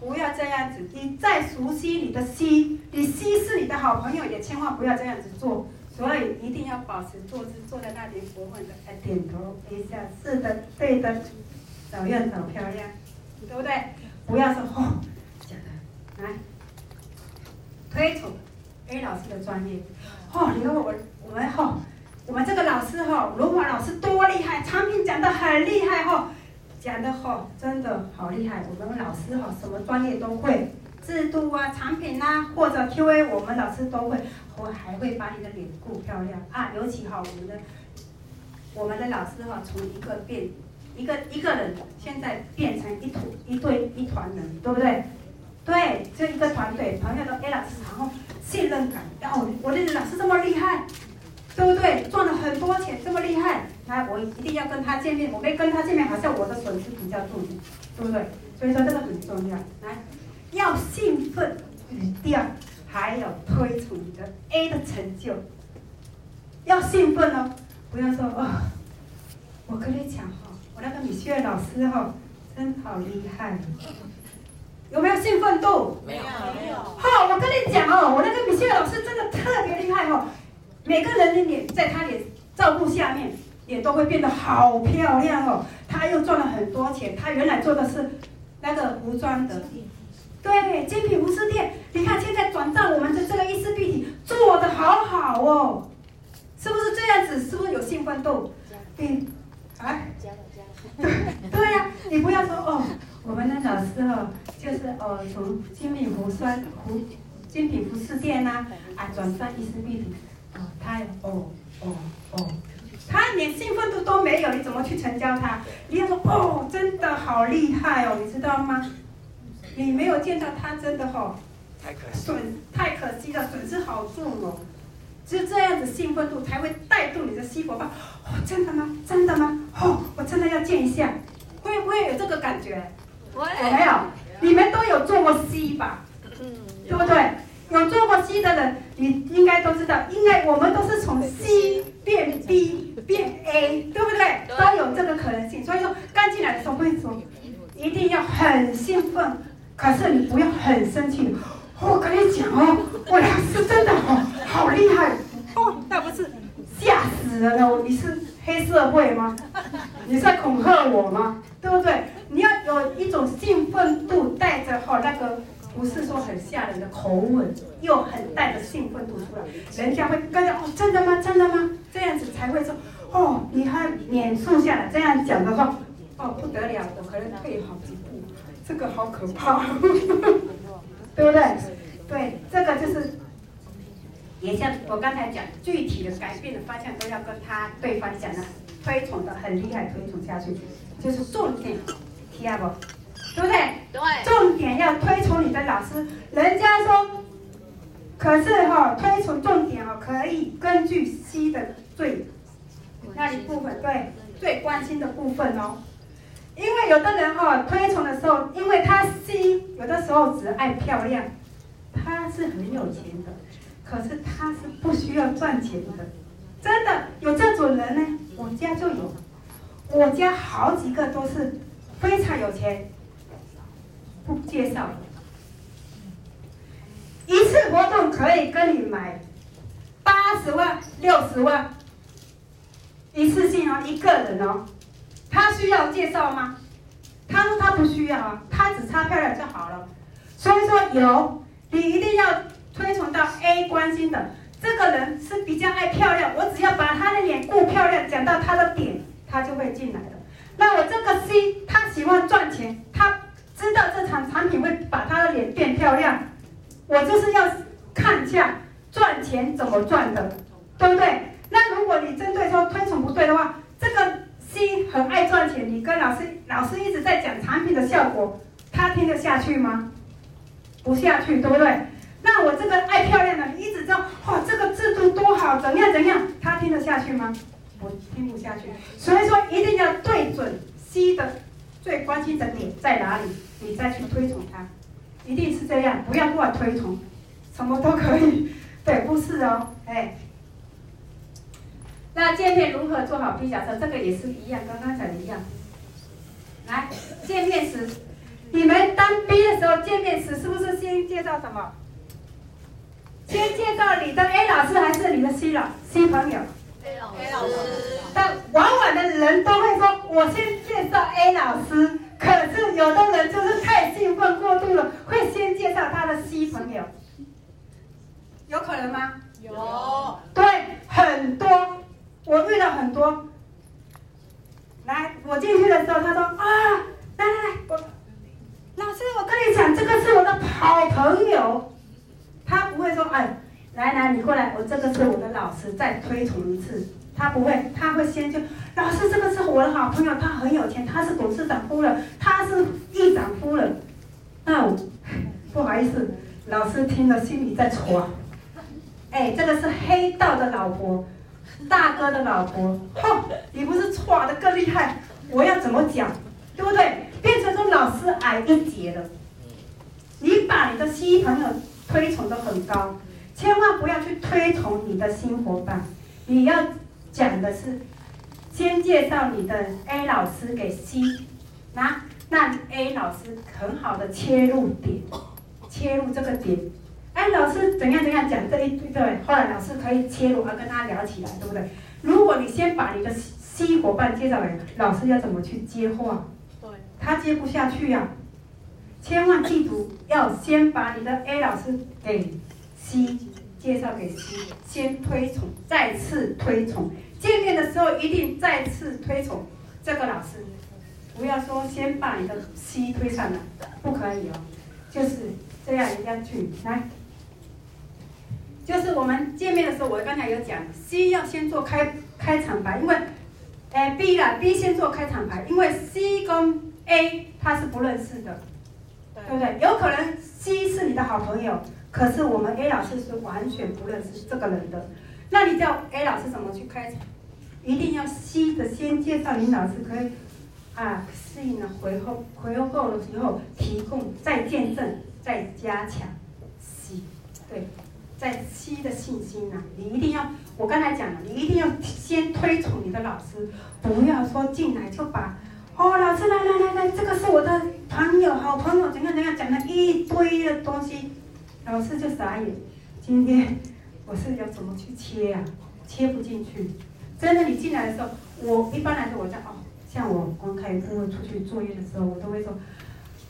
不要這樣子。你再熟悉你的 C，你 C 是你的好朋友，也千萬不要這樣子做。所以一定要保持坐姿，坐在那裡平穩的，哎，點頭一下，是的，對的，早用早漂亮，對不對？不要說哦，假的，來，推崇 A 老師的專業，哦，你看我我們吼，我們這個老師吼，龍華老師多厲害，產品講的很厲害吼，講的吼真的好厲害，我們老師吼什麼專業都會。制度啊，產品吶、啊，或者 Q&A，我們老師都會，我還會把你的臉顧漂亮啊。尤其哈，我們的，我們的老師哈，從一個變一個一個人，現在變成一團一堆一團人，對不對？對，就一個團隊，朋友都 A、欸、老師，然後信任感，然、哦、後我認老師這麼厲害，對不對？賺了很多錢，這麼厲害，來，我一定要跟他見面。我沒跟他見面，好像我的損失比較重，對不對？所以說這個很重要，來。要興奮，語調還有推崇你的 A 的成就。要興奮哦，不要說哦。我跟你講哈、哦，我那個米雪兒老師哈、哦，真好厲害、哦。有沒有興奮度？沒有，沒有。好、哦，我跟你講哦，我那個米雪兒老師真的特別厲害哦，每個人的臉在他的照顧下面，也都會變得好漂亮哦。他又賺了很多錢，他原來做的是那個服裝的。對，精品服飾店，你看現在轉戰我們的這個伊絲碧媞做得好好哦，是不是這樣子？是不是有興奮度？對，啊， 對對、啊、呀，你不要說哦，我們的老師哦，就是哦、呃，從精品服裝精品服飾店吶啊，啊轉戰伊絲碧媞，哦，他哦哦哦，他、哦、連興奮度都沒有，你怎麼去成交他？你要說哦，真的好厲害哦，你知道嗎？你沒有見到他真的哈、哦，太可惜，損太可惜了，損失好重哦。就這樣子興奮度才會帶動你的吸火棒。真的嗎？真的嗎？吼、哦，我真的要見一下，會不會有這個感覺？我沒有，你們都有做過 C 吧？嗯 對不對？ 有做過 C 的人，你應該都知道，因為我們都是從 C 變 B 變 A，對不對？都有這個可能性。所以說，剛進來的時候為什麼一定要很興奮？可是你不要很生氣，我、哦、跟你講哦，我老師真的哦，好厲害哦，那不是嚇死人了呢！你是黑社會嗎？你在恐嚇我嗎？對不對？你要有一種興奮度帶着，好、哦、那個不是說很嚇人的口吻，又很帶着興奮度出來，人家會跟着哦，真的嗎？真的嗎？這樣子才會說哦，你看臉瘦下來，這樣講的話，哦不得了的，我可能退好。這個好可怕呵呵，對不對？對，這個就是也像我剛才講，具體的改變的方向都要跟他對方講了，推崇的很厲害，推崇下去就是重點，聽不？對不對？對，重點要推崇你的老師。人家說，可是哈、哦，推崇重點哦，可以根據 C 的最那一部分，對，最關心的部分哦。因為有的人哦推崇的時候，因為他心有的時候只愛漂亮，他是很有錢的，可是他是不需要賺錢的，真的有這種人呢？我家就有，我家好幾個都是非常有錢，不介紹，一次活動可以跟你買八十萬、六十萬，一次性哦，一個人哦。他需要介紹嗎？他說他不需要啊，他只擦漂亮就好了。所以說有，你一定要推崇到 A 關心的這個人是比較愛漂亮，我只要把他的臉顧漂亮，講到他的點，他就會進來的。那我這個 C，他喜歡賺錢，他知道這場產品會把他的臉變漂亮，我就是要看一下賺錢怎麼賺的，對不對？那如果你針對說推崇不對的話，這個。C 很愛賺錢，你跟老師，老師一直在講產品的效果，他聽得下去嗎？不下去，對不對？那我這個愛漂亮的，你一直叫哇、哦，這個制度多好，怎樣怎樣，他聽得下去嗎？我聽不下去。所以說，一定要對準 C 的最關心的點在哪裡，你再去推崇他，一定是這樣，不要亂推崇，什麼都可以，對，不是哦，哎。那見面如何做好 B 角色？這個也是一樣，剛剛講的一樣。來，見面時，你們當 B 的時候見面時，是不是先介紹什麼？先介紹你的 A 老師還是你的 C 老師 C 朋友？A 老師。但往往的人都會說我先介紹 A 老師，可是有的人就是太興奮過度了，會先介紹他的 C 朋友。有可能嗎？有。對，很多。我遇到很多，來，我進去的時候，他說啊，來來，來，我老師，我跟你講，這個是我的好朋友，他不會說哎，來來，你過來，我這個是我的老師，再推崇一次，他不會，他會先就，老師，這個是我的好朋友，他很有錢，他是董事長夫人，他是議長夫人，那不好意思，老師聽了心裡在戳、啊、哎，這個是黑道的老婆。大哥的老婆，哼，你不是錯的更厲害？我要怎麼講，對不對？變成說老師矮一截了。你把你的新朋友推崇得很高，千萬不要去推崇你的新夥伴。你要講的是，先介紹你的 A 老師給 C，那讓 A 老師很好的切入點，切入這個點。哎，老師怎樣怎樣講這一對，對，對，後來老師可以切入和跟他聊起來，對不對？如果你先把你的 C 夥伴介紹給老師，要怎麼去接話？對，他接不下去呀，啊。千萬記住，要先把你的 A 老師給 C 介紹給 C，先推崇，再次推崇。見面的時候一定再次推崇這個老師，不要說先把你的 C 推上來，不可以哦。就是這樣，一樣去，一定要去來。就是我們見面的時候，我剛才有講，C 要先做開開場白，因為，哎，B 啦，B 先做開場白，因為 C 跟 A 他是不認識的對，對不對？有可能 C 是你的好朋友，可是我們 A 老師是完全不認識這個人的，那你叫 A 老師怎麼去開場？一定要 C 的先介紹，你老師可以啊，適應了，回後回後夠了之後，提供再見證，再加強 C，對。在吸的信心呢、啊？你一定要，我剛才講了，你一定要先推崇你的老師，不要說進來就把哦，老師來來來來，這個是我的朋友，好、哦、朋友，怎樣怎樣講了一堆的東西，老師就傻眼。今天我是要怎麼去切呀、啊？切不進去。真的，你進來的時候，我一般來說我在哦，像我剛開始跟我出去作業的時候，我都會說。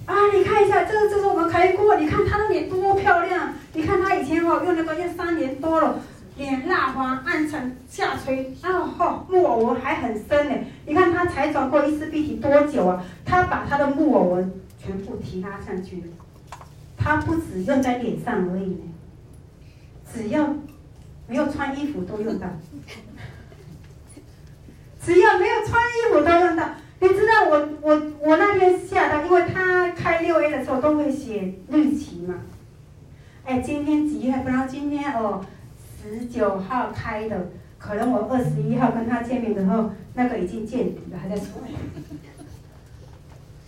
啊，你看一下，這個就是我們開過，你看她的臉多漂亮，啊！你看她以前哦，用那個用三年多了，臉蠟黃、暗沉、下垂，啊、哦、哈，木偶紋還很深呢。你看她才轉過伊絲碧媞多久啊？她把她的木偶紋全部提拉上去了，她不只用在臉上而已呢，只要沒有穿衣服都用到，只要沒有穿衣服都用到。你知道我我我那天下單，因為他開六 A 的時候都會寫日期嘛。哎，今天幾月？不知道今天哦，十九號開的，可能我二十一號跟他見面的時候，那個已經見底了，還在出來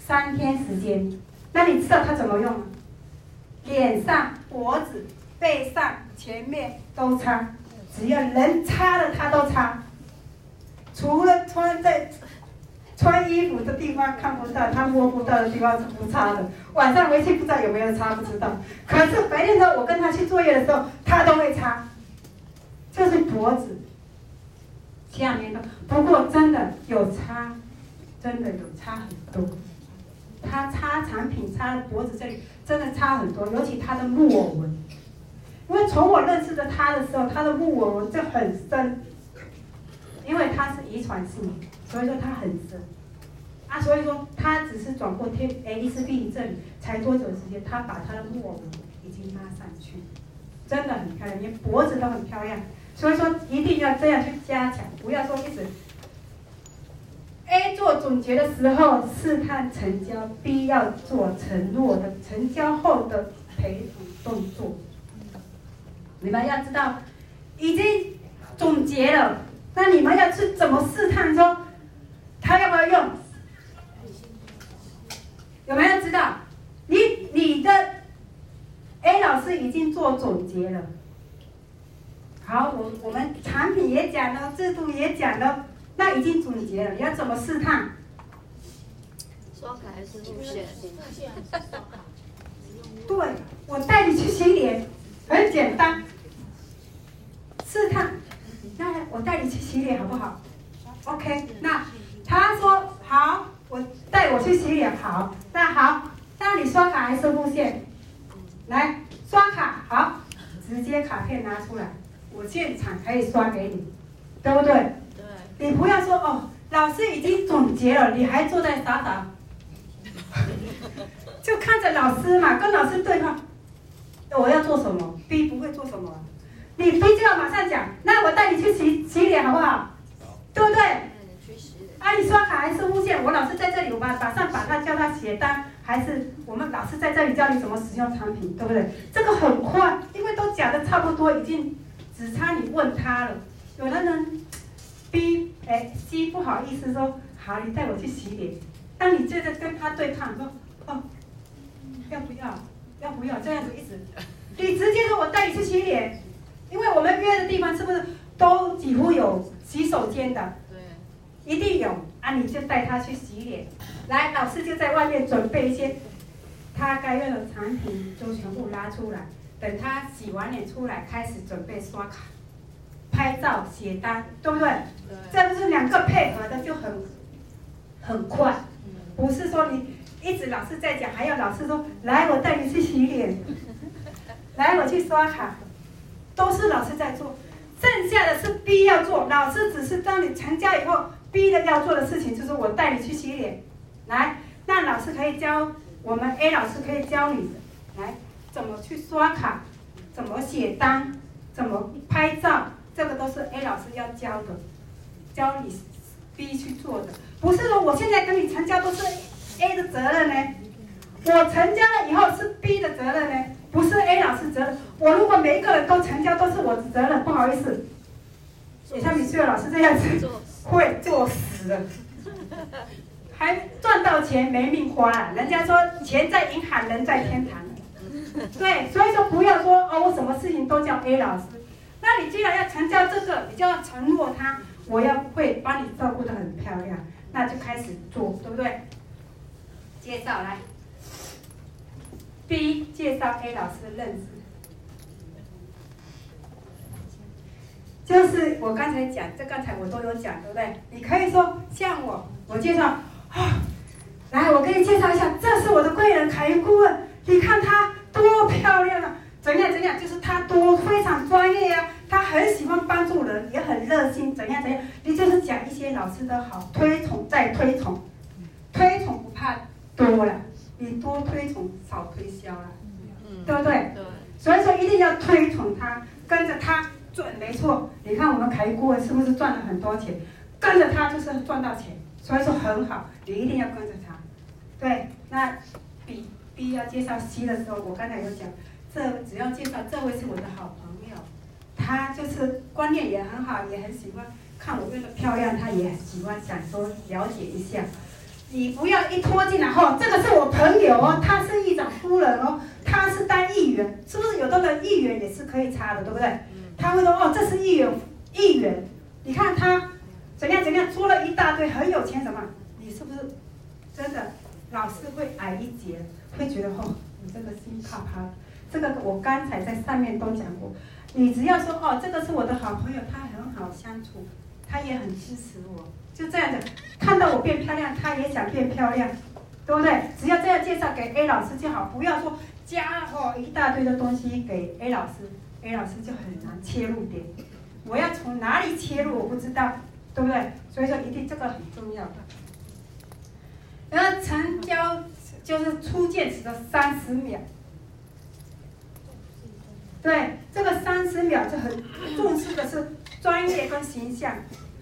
三天時間，那你知道他怎麼用嗎？臉上、脖子、背上、前面都擦，只要能擦的他都擦，除了穿在。穿衣服的地方看不到，他摸不到的地方是不擦的。晚上回去不知道有沒有擦，不知道。可是白天呢，我跟他去作業的時候，他都會擦。這，就是脖子，前兩年的。不過真的有差，真的有差很多。他擦產品，擦脖子這裡真的差很多，尤其他的木偶紋。因為從我認識的他的時候，他的木偶紋就很深，因為他是遺傳性。所以說他很深，啊，所以說他只是轉過天 A 是 B 病症，才多久時間，他把他的木偶已經拉上去，真的很漂亮，連脖子都很漂亮。所以說一定要這樣去加強，不要說一直，A 做總結的時候試探成交，B 要做承諾的成交後的賠付動作。你們要知道，已經總結了，那你們要去怎麼試探說？他要不要用？有沒有知道？你你的 A 老師已經做總結了。好，我我們產品也講了，制度也講了，那已經總結了，你要怎麼試探？刷卡還是無線？ 對，我帶你去洗臉，很簡單。試探，那我帶你去洗臉好不好？OK，那。他說好，我帶我去洗臉好，那好，那你刷卡還是付現？來刷卡好，直接卡片拿出來，我現場可以刷給你，對不對？對。你不要說哦，老師已經總結了，你還坐在傻傻， 就看着老師嘛，跟老師對話，哦、我要做什麼？B 不會做什麼，你 B 就要馬上講。那我帶你去洗洗臉好不好？好，對不對？那、啊、你刷卡還是付現？我老師在這裡，我把打算把他叫他寫單，還是我們老師在這裡教你怎麼使用產品，對不對？這個很快，因為都講的差不多，已經只差你問他了。有的人呢 B 哎 C 不好意思說，好，你帶我去洗臉。當你這個跟他對抗說哦，要不要要不要這樣子一直，你直接說我帶你去洗臉，因為我們約的地方是不是都幾乎有洗手間的？一定有啊！你就帶他去洗臉，來，老師就在外面準備一些他該用的產品，就全部拉出來。等他洗完臉出來，開始準備刷卡、拍照、寫單，對不對？這不是兩個配合的，就很很快，不是說你一直老師在講，還要老師說來，我帶你去洗臉，來，我去刷卡，都是老師在做，剩下的是必要做，老師只是當你成交以後。B 的要做的事情就是我帶你去洗臉，來，那老師可以教我們 A 老師可以教你，來怎麼去刷卡，怎麼寫單，怎麼拍照，這個都是 A 老師要教的，教你 B 去做的，不是說我現在跟你成交都是 A 的責任呢、欸，我成交了以後是 B 的責任呢、欸，不是 A 老師責任，我如果每一個人都成交都是我的責任，不好意思，也像米雪兒老師這樣子。會作死，還賺到錢沒命花了、啊。人家說錢在銀行，人在天堂，對。所以說不要說哦，我什麼事情都叫 A 老師。那你既然要成交這個，你就要承諾他，我要會把你照顧得很漂亮，那就開始做，對不對？介紹來，B 介紹 A 老師的認識。就是我剛才講，這剛才我都有講，對不對？你可以說像我，我介紹啊、哦，來，我給你介紹一下，這是我的貴人財運顧問，你看他多漂亮啊，怎樣怎樣？就是他多非常專業呀，啊，他很喜歡幫助人，也很熱心，怎樣怎樣？你就是講一些老師的好，推崇再推崇，推崇不怕多了，你多推崇少推銷了，啊，對不對？嗯、對。所以說一定要推崇他，跟着他。對，沒錯。你看我們凱哥是不是賺了很多錢？跟着他就是賺到錢，所以說很好。你一定要跟着他。對，那比 B，B 要介紹 C 的時候，我剛才有講，這只要介紹這位是我的好朋友，他就是觀念也很好，也很喜歡看我變得漂亮，他也很喜歡想多了解一下。你不要一拖進來吼、哦，這個是我朋友哦，他是議長夫人哦，他是當議員，是不是有多的人議員也是可以差的，對不對？他會說：“哦，這是一元一元，你看他怎樣怎樣，做了一大堆，很有錢，什麼？你是不是真的老是會矮一截，會覺得哦，你這個心怕怕，這個我剛才在上面都講過，你只要說哦，這個是我的好朋友，他很好相處，他也很支持我，就這樣子，看到我變漂亮，他也想變漂亮，對不對？只要這樣介紹給 A 老師就好，不要說加哦一大堆的東西給 A 老師。”給老師就很難切入點，我要從哪裡切入，我不知道，對不對？所以說，一定這個很重要的。然後成交就是初見時的三十秒，對，這個三十秒就很重視的是專業跟形象，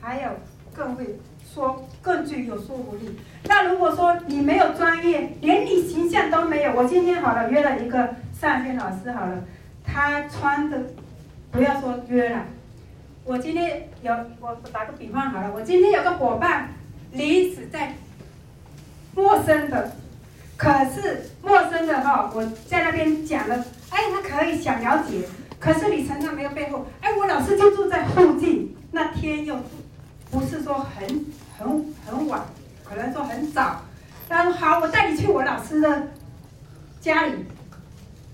還有更會說更具有說服力。那如果說你沒有專業，連你形象都沒有，我今天好了約了一個上天老師好了。他穿的，不要說約了。我今天有，我我打個比方好了。我今天有個夥伴，離是在陌生的，可是陌生的哈，我在那邊講了，哎，他可以想了解，可是你常常沒有背後。哎，我老師就住在附近，那天又不是說很很很晚，可能說很早。嗯，好，我帶你去我老師的家裡。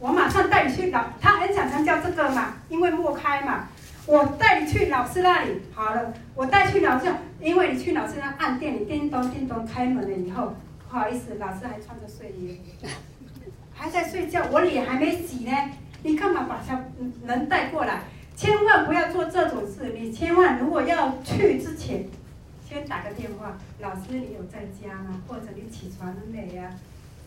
我馬上帶你去老，他很想參加這個嘛，因為沒開嘛。我帶你去老師那裡好了，我帶去老師，因為你去老師那按電，你叮咚叮咚開門了以後，不好意思，老師還穿着睡衣，還在睡覺，我臉還沒洗呢，你幹嘛把他人帶過來？千萬不要做這種事，你千萬如果要去之前，先打個電話，老師你有在家嗎？或者你起床了沒呀？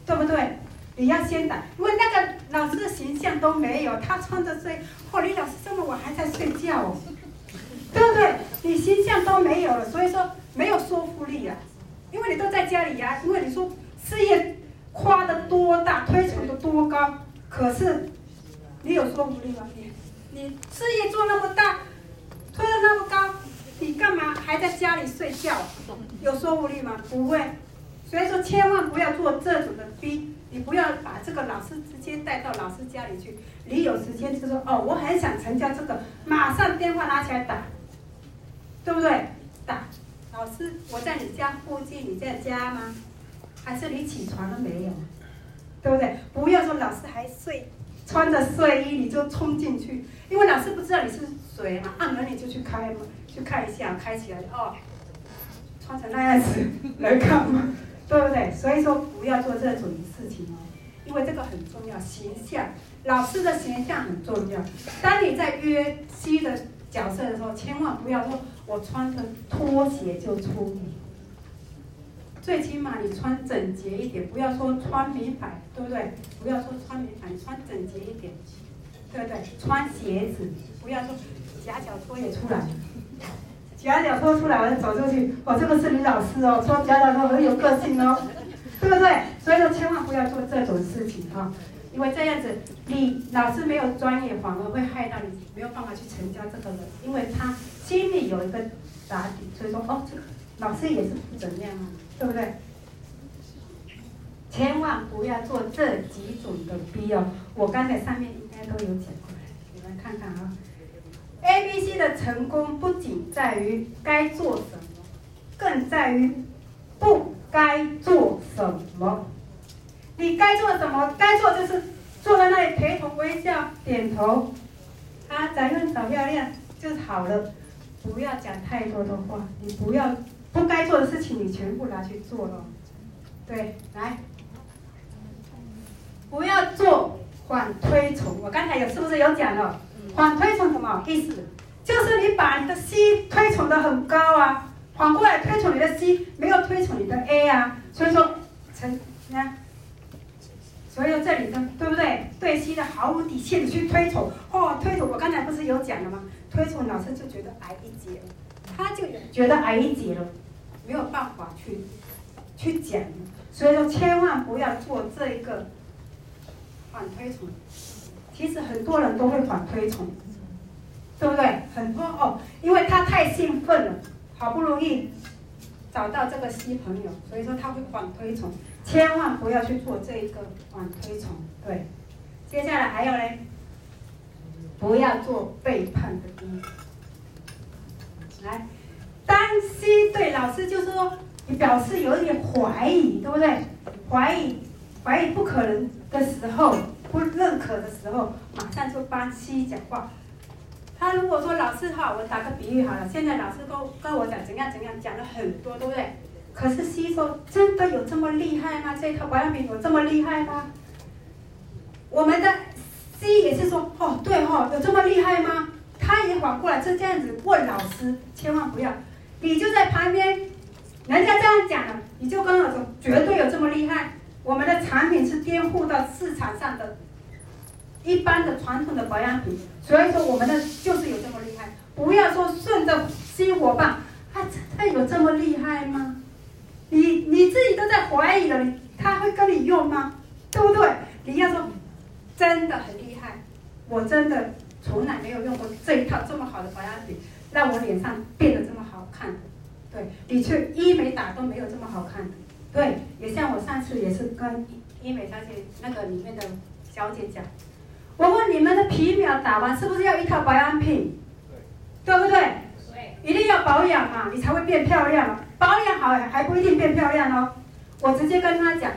對不對？你要先打，因為那個老師的形象都沒有，他穿着睡，或、哦、李老師這麼晚還在睡覺哦，對不對？你形象都沒有了，所以說沒有說服力啊。因為你都在家裡呀、啊，因為你說事業誇得多大，推崇得多高，可是你有說服力嗎？你，你事業做那麼大，推得那麼高，你幹嘛還在家裡睡覺？有說服力嗎？不會。所以說，千萬不要做這種的逼，你不要把這個老師直接帶到老師家裡去。你有時間就說哦，我很想成交這個，馬上電話拿起來打，對不對？打，老師，我在你家附近，你在家嗎？還是你起床了沒有？對不對？不要說老師還睡，穿着睡衣你就衝進去，因為老師不知道你是誰嘛、啊，按、啊、門你就去開嘛，去看一下，開起來哦，穿成那樣子來看嘛。對不對？所以說不要做這種事情哦，因為這個很重要，形象。老師的形象很重要。當你在約西的角色的時候，千萬不要說我穿着拖鞋就出面。最起碼你穿整潔一點，不要說穿名牌，對不對？不要說穿名牌，你穿整潔一點，對不對？穿鞋子，不要說夾腳拖鞋出來。假導拖出來我就走出去，我、哦、這個是你老師哦，說假導說很有個性哦，對不對？所以說千萬不要做這種事情哈、哦，因為這樣子你老師沒有專業，反而會害到你沒有辦法去成交這個人，因為他心裡有一個打底，所以說哦，這個、老師也是不怎麼樣啊，對不對？千萬不要做這幾種的逼哦，我剛才上面應該都有講過來，你們看看啊、哦。A、B、C 的成功不僅在於該做什麼，更在於不該做什麼。你該做什麼，該做就是坐在那裡陪同微笑、點頭。啊，咱們找漂亮就是好了，不要講太多的話。你不要不該做的事情，你全部拿去做了。對，來，不要做反推崇。我剛才有是不是有講了？反推崇什麼意思？就是你把你的 C 推崇得很高啊，反過來推崇你的 C，沒有推崇你的 A 啊，所以說，成，你看，所以說這裡的對不對？對 C 的毫無底線的去推崇，哦，推崇我剛才不是有講了嗎？推崇老師就覺得矮一截了，他就覺得矮一截了，沒有辦法去，去講，所以說千萬不要做這一個反推崇。其實很多人都會反推崇，對不對？很多哦，因為他太興奮了，好不容易找到這個新朋友，所以說他會反推崇。千萬不要去做這一個反推崇，對。接下來還有呢，不要做背叛的動作。來，當 C 對老師就是說，你表示有點懷疑，對不對？懷疑，懷疑不可能的時候。不認可的時候，馬上就幫 C 講話。他如果說老師好，我打個比喻好了，現在老師都跟我講怎樣怎樣，講了很多，對不對？可是 C 說真的有這麼厲害嗎？這套保養品有這麼厲害嗎？我們的 C 也是說哦，對哦，有這麼厲害嗎？他也反過來是這樣子問老師，千萬不要，你就在旁邊，人家這樣講了，你就跟我說絕對有這麼厲害。我們的產品是顛覆到市場上的。一般的傳統的保養品，所以說我們的就是有這麼厲害。不要說順着新夥伴，他他有這麼厲害嗎？你你自己都在懷疑了，他會跟你用嗎？對不對？你要說真的很厲害，我真的從來沒有用過這一套這麼好的保養品，讓我臉上變得這麼好看的。對，你去醫美打都沒有這麼好看的。對，也像我上次也是跟醫，醫美小姐那個裡面的小姐講。我問你們的皮秒打完是不是要一套保養品？對，對不對？對？一定要保養嘛，你才會變漂亮。保養好還不一定變漂亮哦。我直接跟他講，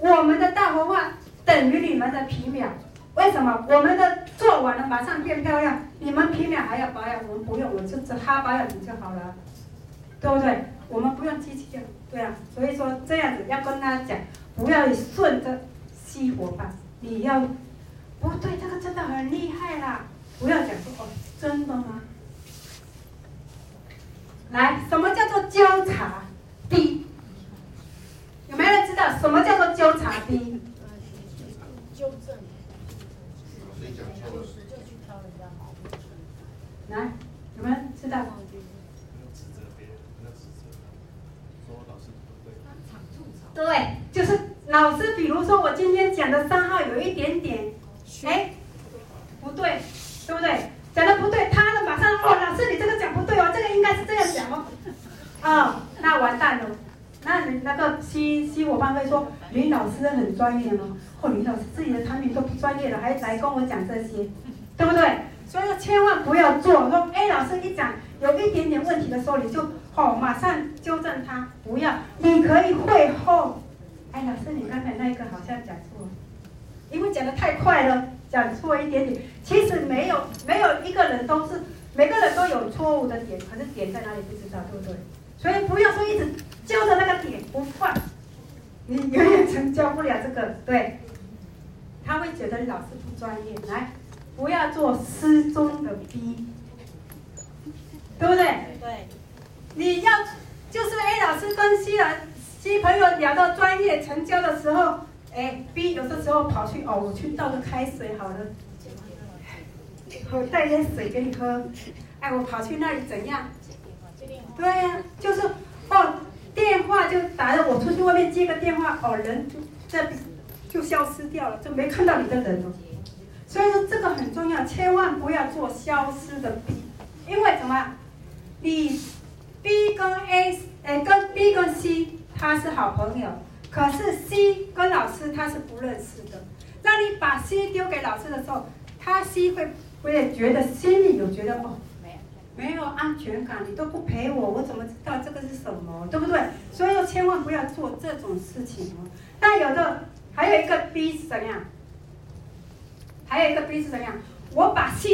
我們的大活化等於你們的皮秒。為什麼？我們的做完了馬上變漂亮，你們皮秒還要保養，我們不用，我就只哈保養品就好了，對不對？我們不用機器就對啊，所以說這樣子要跟他講，不要順着吸火吧，你要。不、哦、對，這個真的很厲害啦！不要講說哦，真的嗎？來。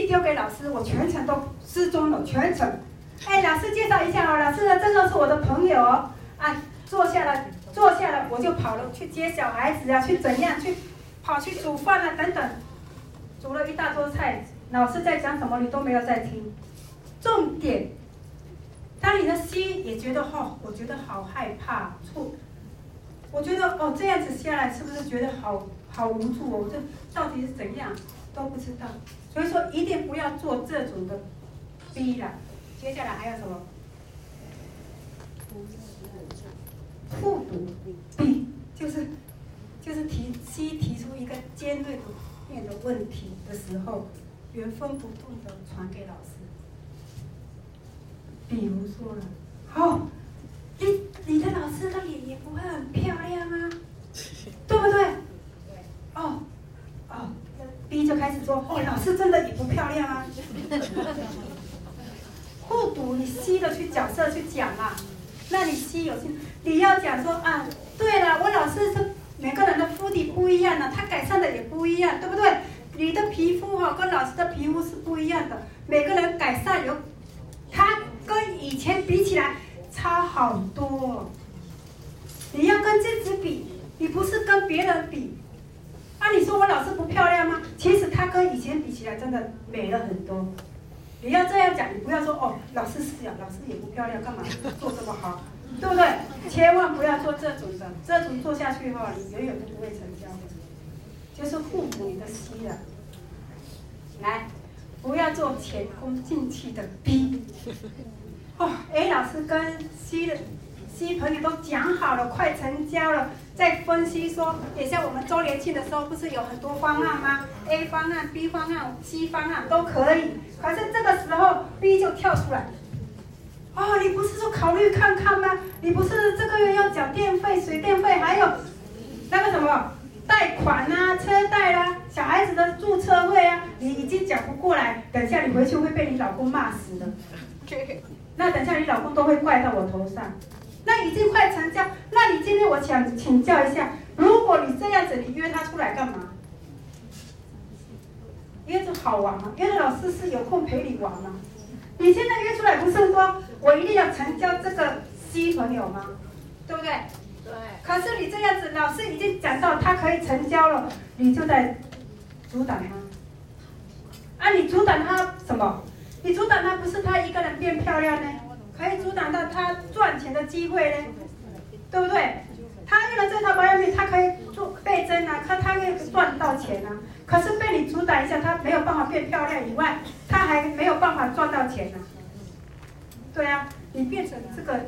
丟給老師，我全程都失蹤了，全程。哎，老師介紹一下哦，老師呢，真的是我的朋友哦。啊，坐下來坐下來，我就跑了去接小孩子啊，去怎樣去，跑去煮飯啊等等，煮了一大桌菜。老師在講什麼，你都沒有在聽。重點，當你的心也覺得，哦，我覺得好害怕，錯，我覺得哦這樣子下來是不是覺得好好無助哦？我這到底是怎樣？都不知道，所以說一定不要做這種的 B 了。接下來還有什麼？複讀 B 就是就是提 C 提出一個尖銳的面的問題的時候，原封不動的傳給老師。比如說了，好，你你的老師的臉也不會很漂亮啊，對不對？哦，哦，哦。B 就開始說，哦，老師真的也不漂亮啊。 互讀，你吸着去角色去講啊。那你吸有勁，你要講說啊，對了，我老師是每個人的膚底不一樣呢、啊，他改善的也不一樣，對不對？你的皮膚哦、啊，跟老師的皮膚是不一樣的。每個人改善有，他跟以前比起來差好多。你要跟自己比，你不是跟別人比。啊，你說我老師不漂亮嗎？其實她跟以前比起來，真的美了很多。你要這樣講，你不要說哦，老師是呀，老師也不漂亮，幹嘛做這麼好？對不對？千萬不要做這種的，這種做下去哈，你永遠都不會成交的，就是互補你的 C 了。來，不要做前功盡棄的 B。哦，A 老師跟 C 的。朋友都講好了，快成交了。再分析說，等下我們周年慶的時候，不是有很多方案嗎？A 方案、B 方案、C 方案都可以。可是這個時候，B 就跳出來。哦，你不是說考慮看看嗎？你不是這個月要繳電費、水電費，還有那個什麼貸款啊、車貸啦、啊、小孩子的注冊費啊，你已經繳不過來。等下你回去會被你老公罵死的。那等下你老公都會怪到我頭上。那已經快成交。那你今天我想請，請教一下，如果你這樣子，你約他出來幹嘛？約着好玩嗎、啊？約着老師是有空陪你玩嗎、啊？你現在約出來不是說我一定要成交這個 C 朋友嗎？對不對？對。可是你這樣子，老師已經講到他可以成交了，你就在阻擋他。啊，你阻擋他什麼？你阻擋他不是他一個人變漂亮呢？可以阻擋到他賺錢的機會呢，對不對？他用了這套保養品，他可以做倍增啊，可他他可以賺到錢啊。可是被你阻擋一下，他沒有辦法變漂亮以外，他還沒有辦法賺到錢呢、啊。對啊，你變成這個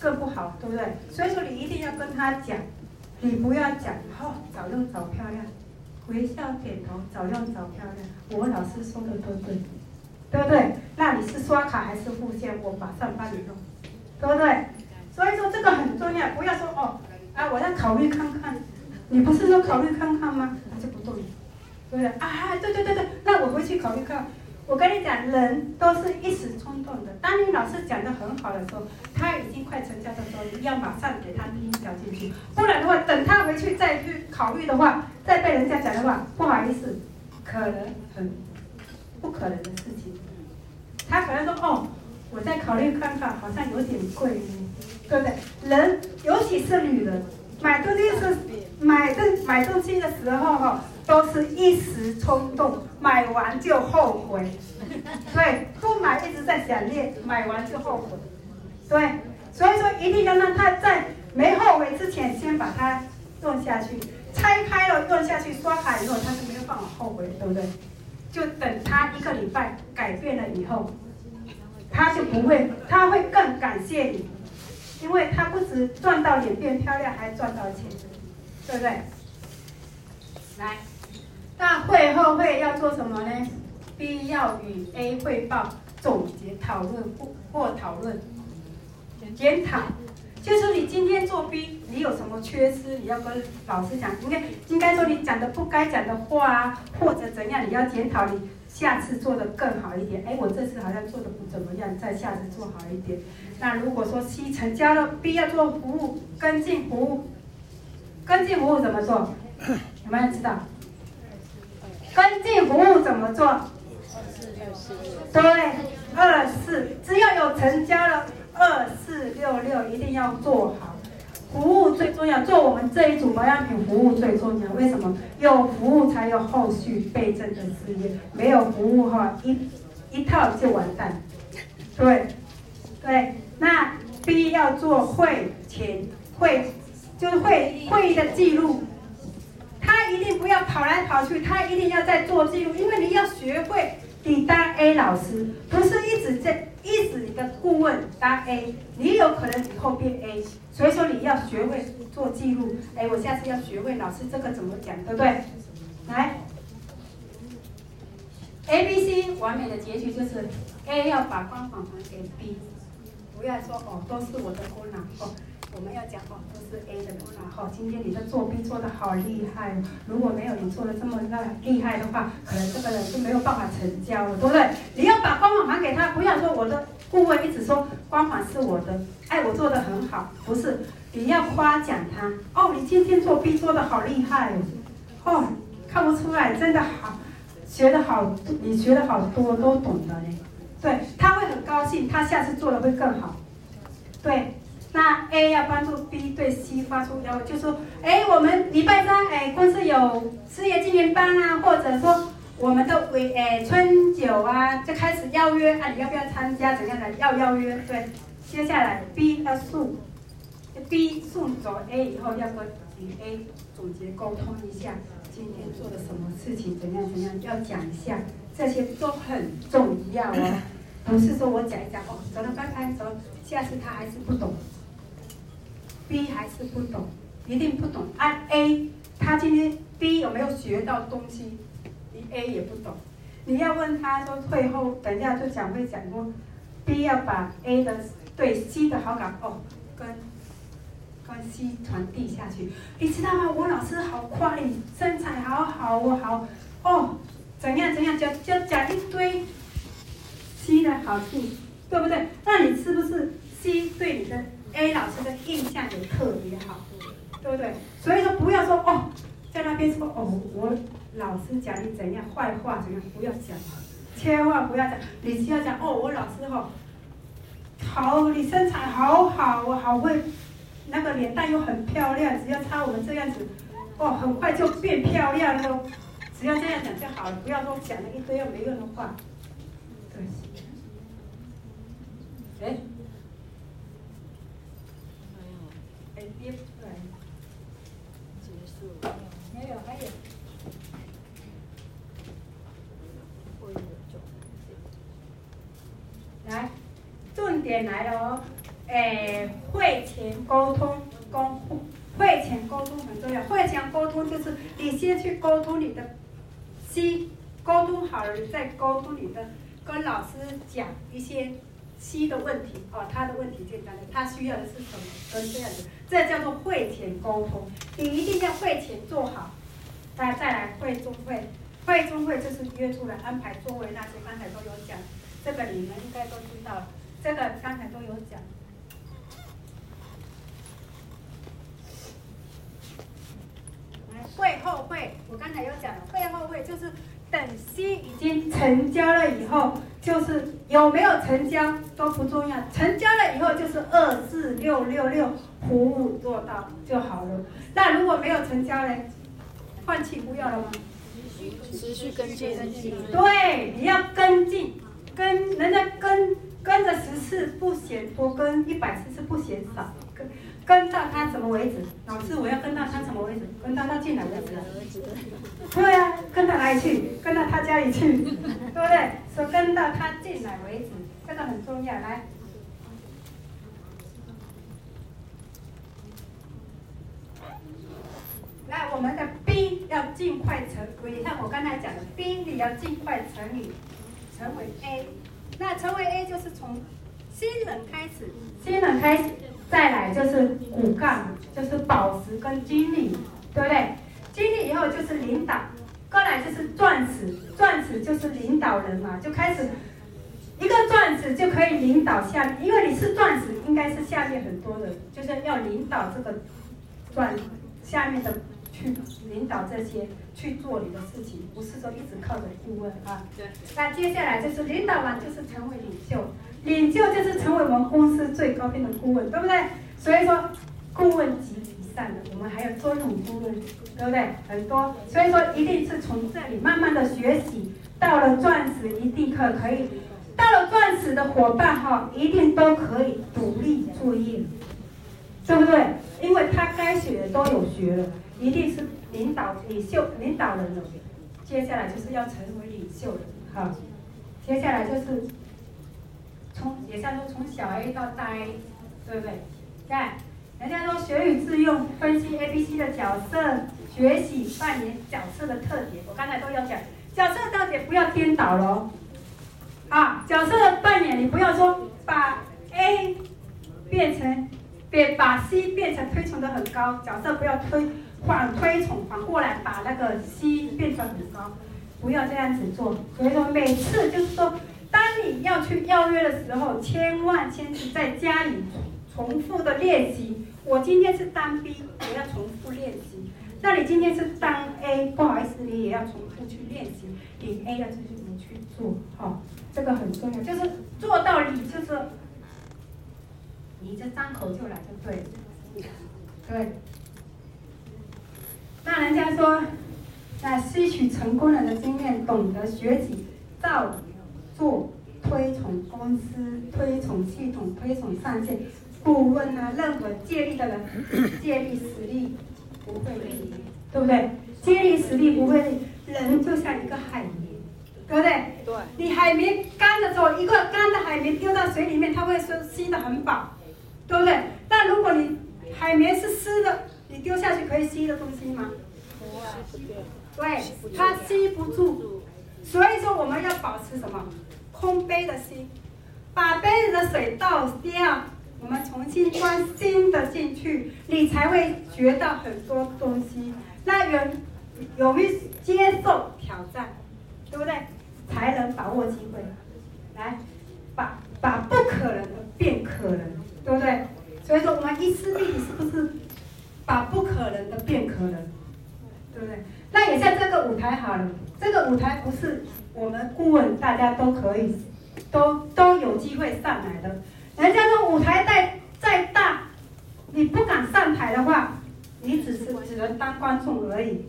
更不好，對不對？所以說你一定要跟他講，你不要講“哦，早用早漂亮，微笑點頭，早用早漂亮”。我老師說的都對。對不對？那你是刷卡還是付現？我馬上幫你弄，對不對？所以說這個很重要，不要說哦，啊，我要考慮看看。你不是說考慮看看嗎？他、啊、就不動，對不對？啊，對對對對，那我回去考慮看。我跟你講，人都是一時衝動的。當你老師講的很好的時候，他已經快成交的時候，你要馬上給他一條進去，不然的話，等他回去再去考慮的話，再被人家講的話，不好意思，可能很不可能的事情。他可能說：“哦，我再考慮看看，好像有點貴，對不對？人，尤其是女人，買東西是買東買東西的時候哈，都是一時衝動，買完就後悔。對，不買一直在想念，買完就後悔。對，所以說一定要讓他在沒後悔之前，先把它用下去。拆開了用下去，刷卡以後他是沒有辦法後悔，對不對？”就等他一個禮拜改變了以後，他就不會，他會更感謝你，因為他不止賺到臉變漂亮，還賺到錢，對不對？來，那會後會要做什麼呢？B 要與 A 匯報、總結或、討論或討論、檢討。就是你今天做 B，你有什麼缺失，你要跟老師講。應該應該說你講的不該講的話啊，或者怎樣，你要檢討，你下次做得更好一點。哎，我這次好像做得不怎麼樣，再下次做好一點。那如果說 C 成交了，B 要做服務，跟進服務，跟進服務怎麼做？有沒有人知道？跟進服務怎麼做？二四。對，二四，只要有，有成交了。二四六六一定要做好，服務最重要。做我們這一組保養品，服務最重要。為什麼？有服務才有後續倍增的事業。沒有服務哈，一一套就完蛋。對，對。那 B 要做會前會，就是會會議的記錄。他一定不要跑來跑去，他一定要在做記錄，因為你要學會。你當 A 老師不是一直在一直你的顧問當 A，你有可能以後變 A，所以說你要學會做記錄。哎、欸，我下次要學會老師這個怎麼講，對不對？來，A B C 完美的結局就是 A 要把光環還給 B，不要說哦都是我的功勞哦。我們要講哦，都是 A 的人嘛。好，今天你的做 B 做的好厲害哦。如果沒有你做的這麼厲害的話，可能這個人就沒有辦法成交了，對不對？你要把光環還給他，不要說我的顧問一直說光環是我的。哎，我做的很好，不是，你要誇獎他。哦，你今天做 B 做的好厲害哦，哦，看不出來，真的好，學的好，你學的好多都懂的。對，他會很高興，他下次做的會更好，對。那 A 要幫助 B 對 C 發出邀，就說，哎，我們禮拜三哎，公司有事業經營班啊，或者說我們的尾，哎，春酒啊，就開始邀約啊，你要不要參加？怎樣怎樣要邀約？對，接下來 B 要送，B 送走 A 以後要跟與 A, A 總結溝通一下，今天做了什麼事情，怎樣怎樣，要講一下，這些都很重要哦、啊，不是說我講一講哦，走了拜拜走，下次他還是不懂。B 還是不懂，一定不懂。按、啊、A，他今天 B 有沒有學到東西？你 A 也不懂。你要問他說退後，等一下就講會講過，B 要把 A 的對 C 的好感哦，跟跟 C 傳遞下去。你知道嗎？我老師好誇你身材好好哦，哦，怎樣怎樣，就就講一堆 C 的好處，對不對？那你是不是 C 對你的？A 老師的印象也特別好，對不對？所以說不要說哦，在那邊說哦，我老師講你怎樣壞話，怎樣不要講，千萬不要講。你只要講哦，我老師哦，好，你身材好好，我好會，那個臉蛋又很漂亮，只要擦我們這樣子，哦，很快就變漂亮了。只要這樣講就好了，不要說講了一堆又沒用的話。對，哎。對，結束沒沒有，還有。來，重點來了哦！哎，會前溝通，溝會前溝通很重要。會前溝通就是你先去溝通你的，先溝通好了，你再溝通你的，跟老師講一些。七的問題哦，他的問題簡單的，他需要的是什麼？跟這樣子，這叫做會前溝通，你一定要會前做好，大家再來會中會，會中會就是約出來安排座位那些，剛才都有講，這個你們應該都知道，這個剛才都有講。來，會後會，我剛才有講了，會後會就是。C 已經成交了以後，就是有沒有成交都不重要。成交了以後就是二四六六六服務做到就好了。那如果沒有成交呢？放棄不要了嗎？持續跟進，持續跟進，持續跟進，對，你要跟進，跟人家跟跟着十次不嫌多，跟一百次是不嫌少，跟。跟到他什麼為止？老師，我要跟到他什麼為止？跟到他進來為止。對啊，跟到哪裡去？跟到他家裡去，對不對？所以跟到他進來為止，這個很重要。來，來，我們的 B 要盡快成為，像我剛才講的，B 你要盡快成為成為 A，那成為 A 就是從新人開始，新人開始。再來就是骨幹，就是寶石跟經理，對不對？經理以後就是領導，過來就是鑽石，鑽石就是領導人嘛，就開始一個鑽石就可以領導下面，因為你是鑽石，應該是下面很多人就是要領導這個鑽下面的去領導這些去做你的事情，不是說一直靠着顧問啊。對。那接下來就是領導完就是成為領袖。領袖就，就是成為我們公司最高級的顧問，對不對？所以說，顧問級以上的，我們還有總統顧問，對不對？很多，所以說一定是從這裡慢慢的學習，到了鑽石一定可可以，到了鑽石的夥伴哈，一定都可以獨立作業，對不對？因為他該學的都有學了，一定是領導領袖領導人了，接下來就是要成為領袖了，哈，接下來就是。從也算是說，從小 A 到大 A，對不對？看、yeah，人家說，學以致用，分析 A、B、C 的角色，學習扮演角色的特點。我剛才都有講，角色特點不要顛倒嘍。啊，角色的扮演，你不要說把 A 變成，變把 C 變成推崇的很高，角色不要推反推崇反過來把那個 C 變成很高，不要這樣子做。所以說，每次就是說。當你要去邀約的時候，千萬千萬在家裡重複的練習。我今天是單 B，我要重複練習。那你今天是單 A，不，不好意思，你也要重複去練習。你 A 要自己怎麼去做？好、哦，這個很重要，就是做到你就是，你就張口就來就對了，對。那人家說，那吸取成功人的經驗，懂得學習，到。做推崇公司、推崇系統、推崇上線顧問呢，啊，任何借力的人，借力使力，不會累，對不對？借力使力不會累，人就像一個海綿，對不對？你海綿乾的時候，一個乾的海綿丟到水裡面，它會說吸的很飽，對不對？那如果你海綿是濕的，你丟下去可以吸的東西嗎？對，它吸不住。所以說我們要保持什麼？空杯的心，把杯子的水倒掉，我們重新裝新的進去，你才會學到很多東西。那人勇於接受挑戰，對不對？才能把握機會，來，把把不可能的變可能，對不對？所以說，我們伊絲碧媞是不是把不可能的變可能，對不對？那也在這個舞台好了，這個舞台不是。我們顧問大家都可以，都都有機會上來的。人家說舞台再再大，你不敢上台的話，你只是只能當觀眾而已，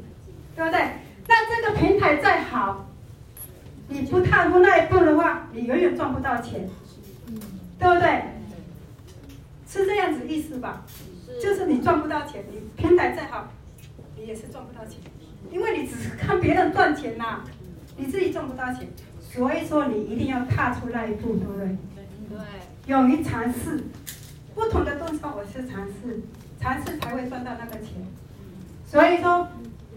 對不對？那這個平台再好，你不踏出那一步的話，你永遠賺不到錢，對不對？是這樣子意思吧？就是你賺不到錢，你平台再好，你也是賺不到錢，因為你只是看別人賺錢吶、啊。你自己賺不到錢，所以說你一定要踏出那一步，對不對？對，勇於嘗試，不同的東西我去嘗試，嘗試才會賺到那個錢。所以說，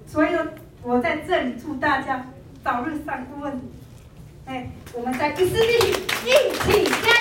所以說我在這裡祝大家早日上顧問。哎、欸，我們在迪士尼一起加